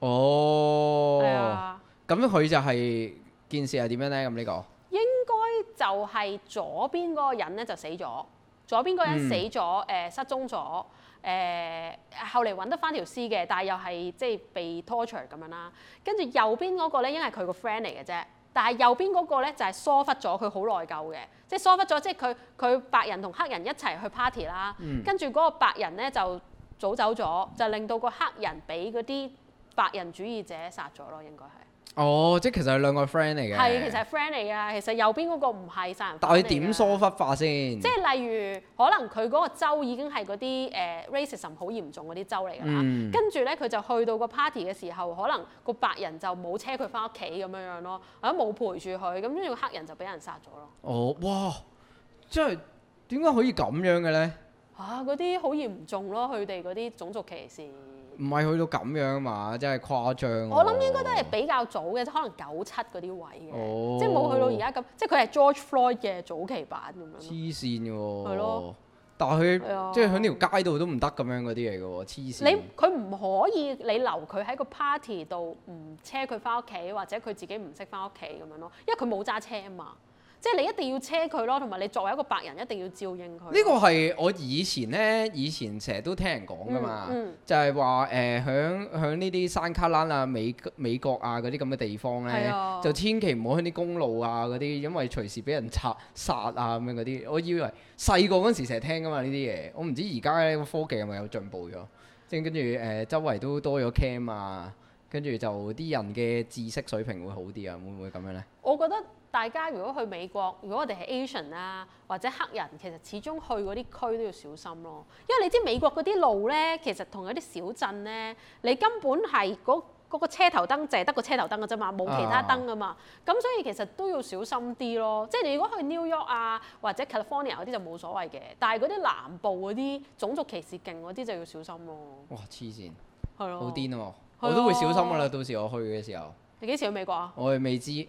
哦，咁佢、哎、呀就係件事係點樣咧？咁呢、呢個應該就係左邊嗰個人咧就死咗，左邊嗰人死咗，誒、嗯呃、失蹤咗，誒、呃、後嚟揾得翻條屍嘅，但係又係即係被 torture 咁樣啦。跟住右邊嗰個咧，因為佢個 friend 嚟嘅啫，但係右邊嗰個咧就係、是、疏忽咗，佢好內疚嘅，即係疏忽咗，即係佢佢白人同黑人一齊去 party 啦，跟住嗰個白人咧就，嗯嗯早走咗就令到個黑人俾嗰啲白人主義者殺咗咯，應該係。哦，即係其實係兩個 friend 嚟嘅。係，其實係 friend 嚟嘅。其實右邊嗰個唔係殺人，但係點疏忽法先？即係例如，可能佢嗰個州已經係嗰啲誒 racism 好嚴重嗰啲州嚟㗎嘛。跟住咧，佢就去到個 party 嘅時候，可能個白人就冇車佢翻屋企咁樣樣咯，或者冇陪住佢，咁跟住個黑人就俾人殺咗咯。哦，哇！即係點解可以咁樣嘅咧？啊！嗰啲好嚴重咯，佢哋嗰啲種族歧視。唔係去到咁樣嘛，真係誇張。我諗應該都係比較早嘅、哦，即可能九七嗰啲位嘅，即係冇去到而家咁，即係佢係 George Floyd 嘅早期版咁樣。黐線㗎喎！係咯，但佢，係咯，即係喺條街度都唔得咁樣嗰啲嚟㗎喎，黐線。你佢唔可以你留佢喺個 party 度，唔車佢翻屋企，或者佢自己唔識翻屋企咁樣咯，因為佢冇揸車啊嘛。即係你一定要車佢咯，同埋你作為一個白人，一定要照應佢。呢個係我以前呢，以前成日都聽人講噶嘛，嗯嗯、就係話誒，響響呢啲山卡拉啊、美美國啊嗰啲咁嘅地方呢，係啊、就千祈唔好喺啲公路啊嗰啲，因為隨時俾人拆殺啊咁樣嗰啲。我以為細個嗰時成日聽噶嘛呢啲嘢，我唔知而家呢個科技係咪有進步咗，即係跟住誒、呃、周圍都多咗 cam 啊，跟住就啲人嘅知識水平會好啲啊，會唔會咁樣呢？我覺得。大家如果去美國，如果我哋係 Asian 啊，或者黑人，其實始終去嗰啲區都要小心咯。因為你知美國嗰啲路咧，其實同一啲小鎮咧，你根本係嗰嗰個車頭燈，淨係得個車頭燈嘅啫嘛，冇其他燈噶嘛。咁、啊啊啊啊、所以其實都要小心啲咯。即係你如果去 New York 啊，或者 California 嗰啲就冇所謂嘅，但係嗰啲南部嗰啲種族歧視勁嗰啲就要小心咯。哇！黐線，係咯對了，好癲喎！啊、我都會小心㗎啦。到時我去嘅時候，你幾時去美國啊？ 我未知。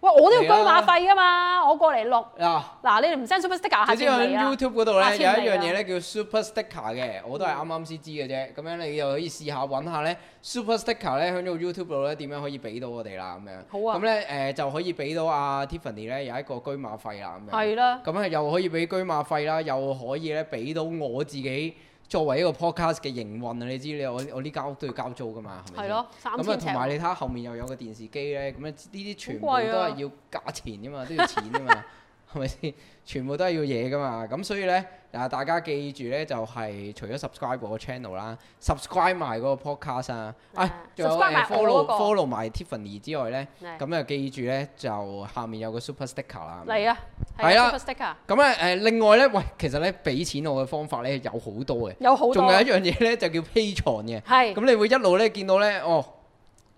喂，我都要居馬費噶嘛，啊、我過嚟錄。嗱、啊，嗱，你哋唔 send super sticker，你知喺 YouTube 度咧有一樣嘢咧叫 super sticker 嘅，我都係啱啱先知嘅啫。咁、嗯、樣你又可以試，試下揾下咧，super sticker 咧喺呢個 YouTube 度咧點樣可以俾到我哋啦？咁樣。好啊。咁咧誒就可以俾到阿、啊、Tiffany 咧有一個居馬費啦。咁樣。係啦的。咁樣又可以俾居馬費啦，又可以咧俾到我自己。作為一個 podcast 嘅營運，你知你我我呢間屋都要交租㗎嘛，係咪先？咁啊同埋你睇下後面又有個電視機咧，咁咧呢啲全部都係要價錢㗎嘛，啊、都要錢㗎嘛。 係咪先？全部都係要嘢㗎嘛，咁所以咧，嗱，大家記住咧，就係除咗 subscribe 個 channel 啦，subscribe 埋個 podcast 啊，啊 subscribe 埋 follow follow 埋 Tiffany 之外咧，咁啊記住咧，就下面有個 super sticker 啦。係啊，係啦，super sticker。咁咧誒，另外咧，喂，其實咧俾錢我嘅方法咧有好多嘅，有好多。仲有一樣嘢咧，就叫 Patreon 嘅。係。咁你會一路咧見到咧，哦。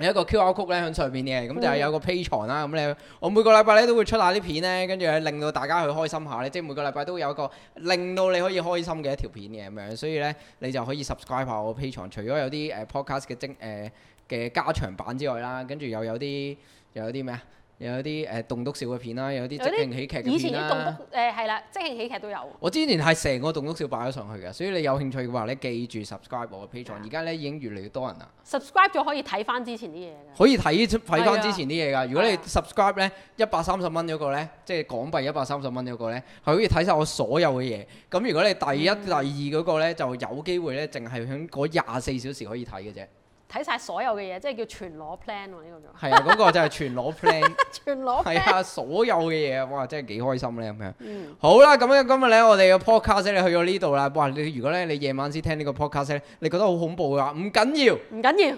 有一個 Q.R. 曲咧喺上面嘅，咁就係有個 P 藏啦。咁你，我每個禮拜咧都會出下啲片咧，跟住令到大家去開心下咧。即係每個禮拜都會有一個令到你可以開心嘅一條片嘅咁樣，所以咧你就可以 subscribe 下我 P 藏。除咗有啲誒 podcast 嘅精誒嘅加長版之外啦，跟住又有啲又有啲咩啊？有啲誒棟篤笑嘅片啦、啊，有啲即興喜劇嘅片、啊、以前啲棟篤誒啦、呃，即興喜劇都有。我之前係成個棟篤笑擺咗上去嘅，所以你有興趣嘅話，你記住 subscribe 我嘅 page 而家咧已經越嚟越多人啦。subscribe 咗可以睇翻之前啲嘢。可以睇出睇翻之前啲嘢㗎。的如果你 subscribe 咧一百三十蚊嗰個咧，即係港幣一百三十蚊嗰個咧，係可以睇晒我所有嘅嘢。咁如果你第一、嗯、第二嗰個咧，就有機會咧，淨係喺嗰廿四小時可以睇嘅啫。睇晒所有嘅嘢，即係叫全裸 plan 喎，呢個就係啊，嗰個真係全裸 plan，全裸？p 係啊，所有嘅嘢哇，真係幾開心咧、啊、咁樣。嗯、好啦，咁樣今日咧，我哋嘅 podcast 你去到呢度啦。哇，你如果咧你夜晚先聽個呢個 podcast 咧，你覺得好恐怖嘅話，唔緊要，唔緊要。誒、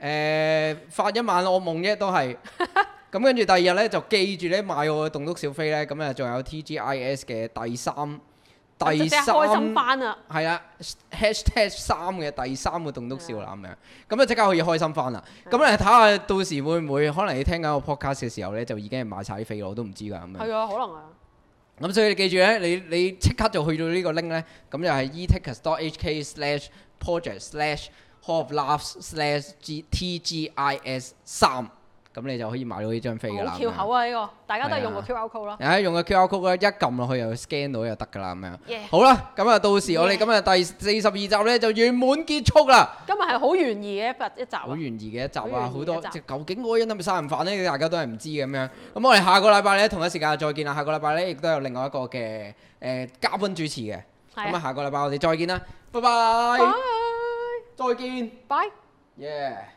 呃，發一晚噩夢啫都係。咁跟住第二日咧就記住咧買我嘅棟篤笑飛咧，咁啊仲有 T G I S 嘅第三。第三係啊，#三嘅第三個棟篤笑男嘅，咁就即刻可以開心翻啦。咁你睇下到時會唔會，可能你聽緊我 podcast 嘅時候咧，就已經係買曬飛啦，我都唔知㗎咁樣。係啊，可能啊。咁所以你記住咧，你你即刻就去到呢個 link 咧，咁就係 e-takers.hk/project/hall of laughs/tgis 三。咁你就可以買到呢張飛噶啦。好口啊呢個，大家都係用個 QR code 咯。誒，用個 QR code 一撳落去又 scan 到又得噶啦咁樣。好啦，咁啊到時我哋今日第四十二集咧就完滿結束啦。今日係好懸疑嘅一集，好懸疑嘅一集啊，好多究竟嗰個人係咪殺人犯呢，大家都係唔知嘅咁樣。咁我哋下個禮拜咧同一時間再見啦。下個禮拜咧亦都有另外一個嘅誒嘉賓主持嘅。係。咁啊下個禮拜我哋再見啦，拜拜。再見。Bye。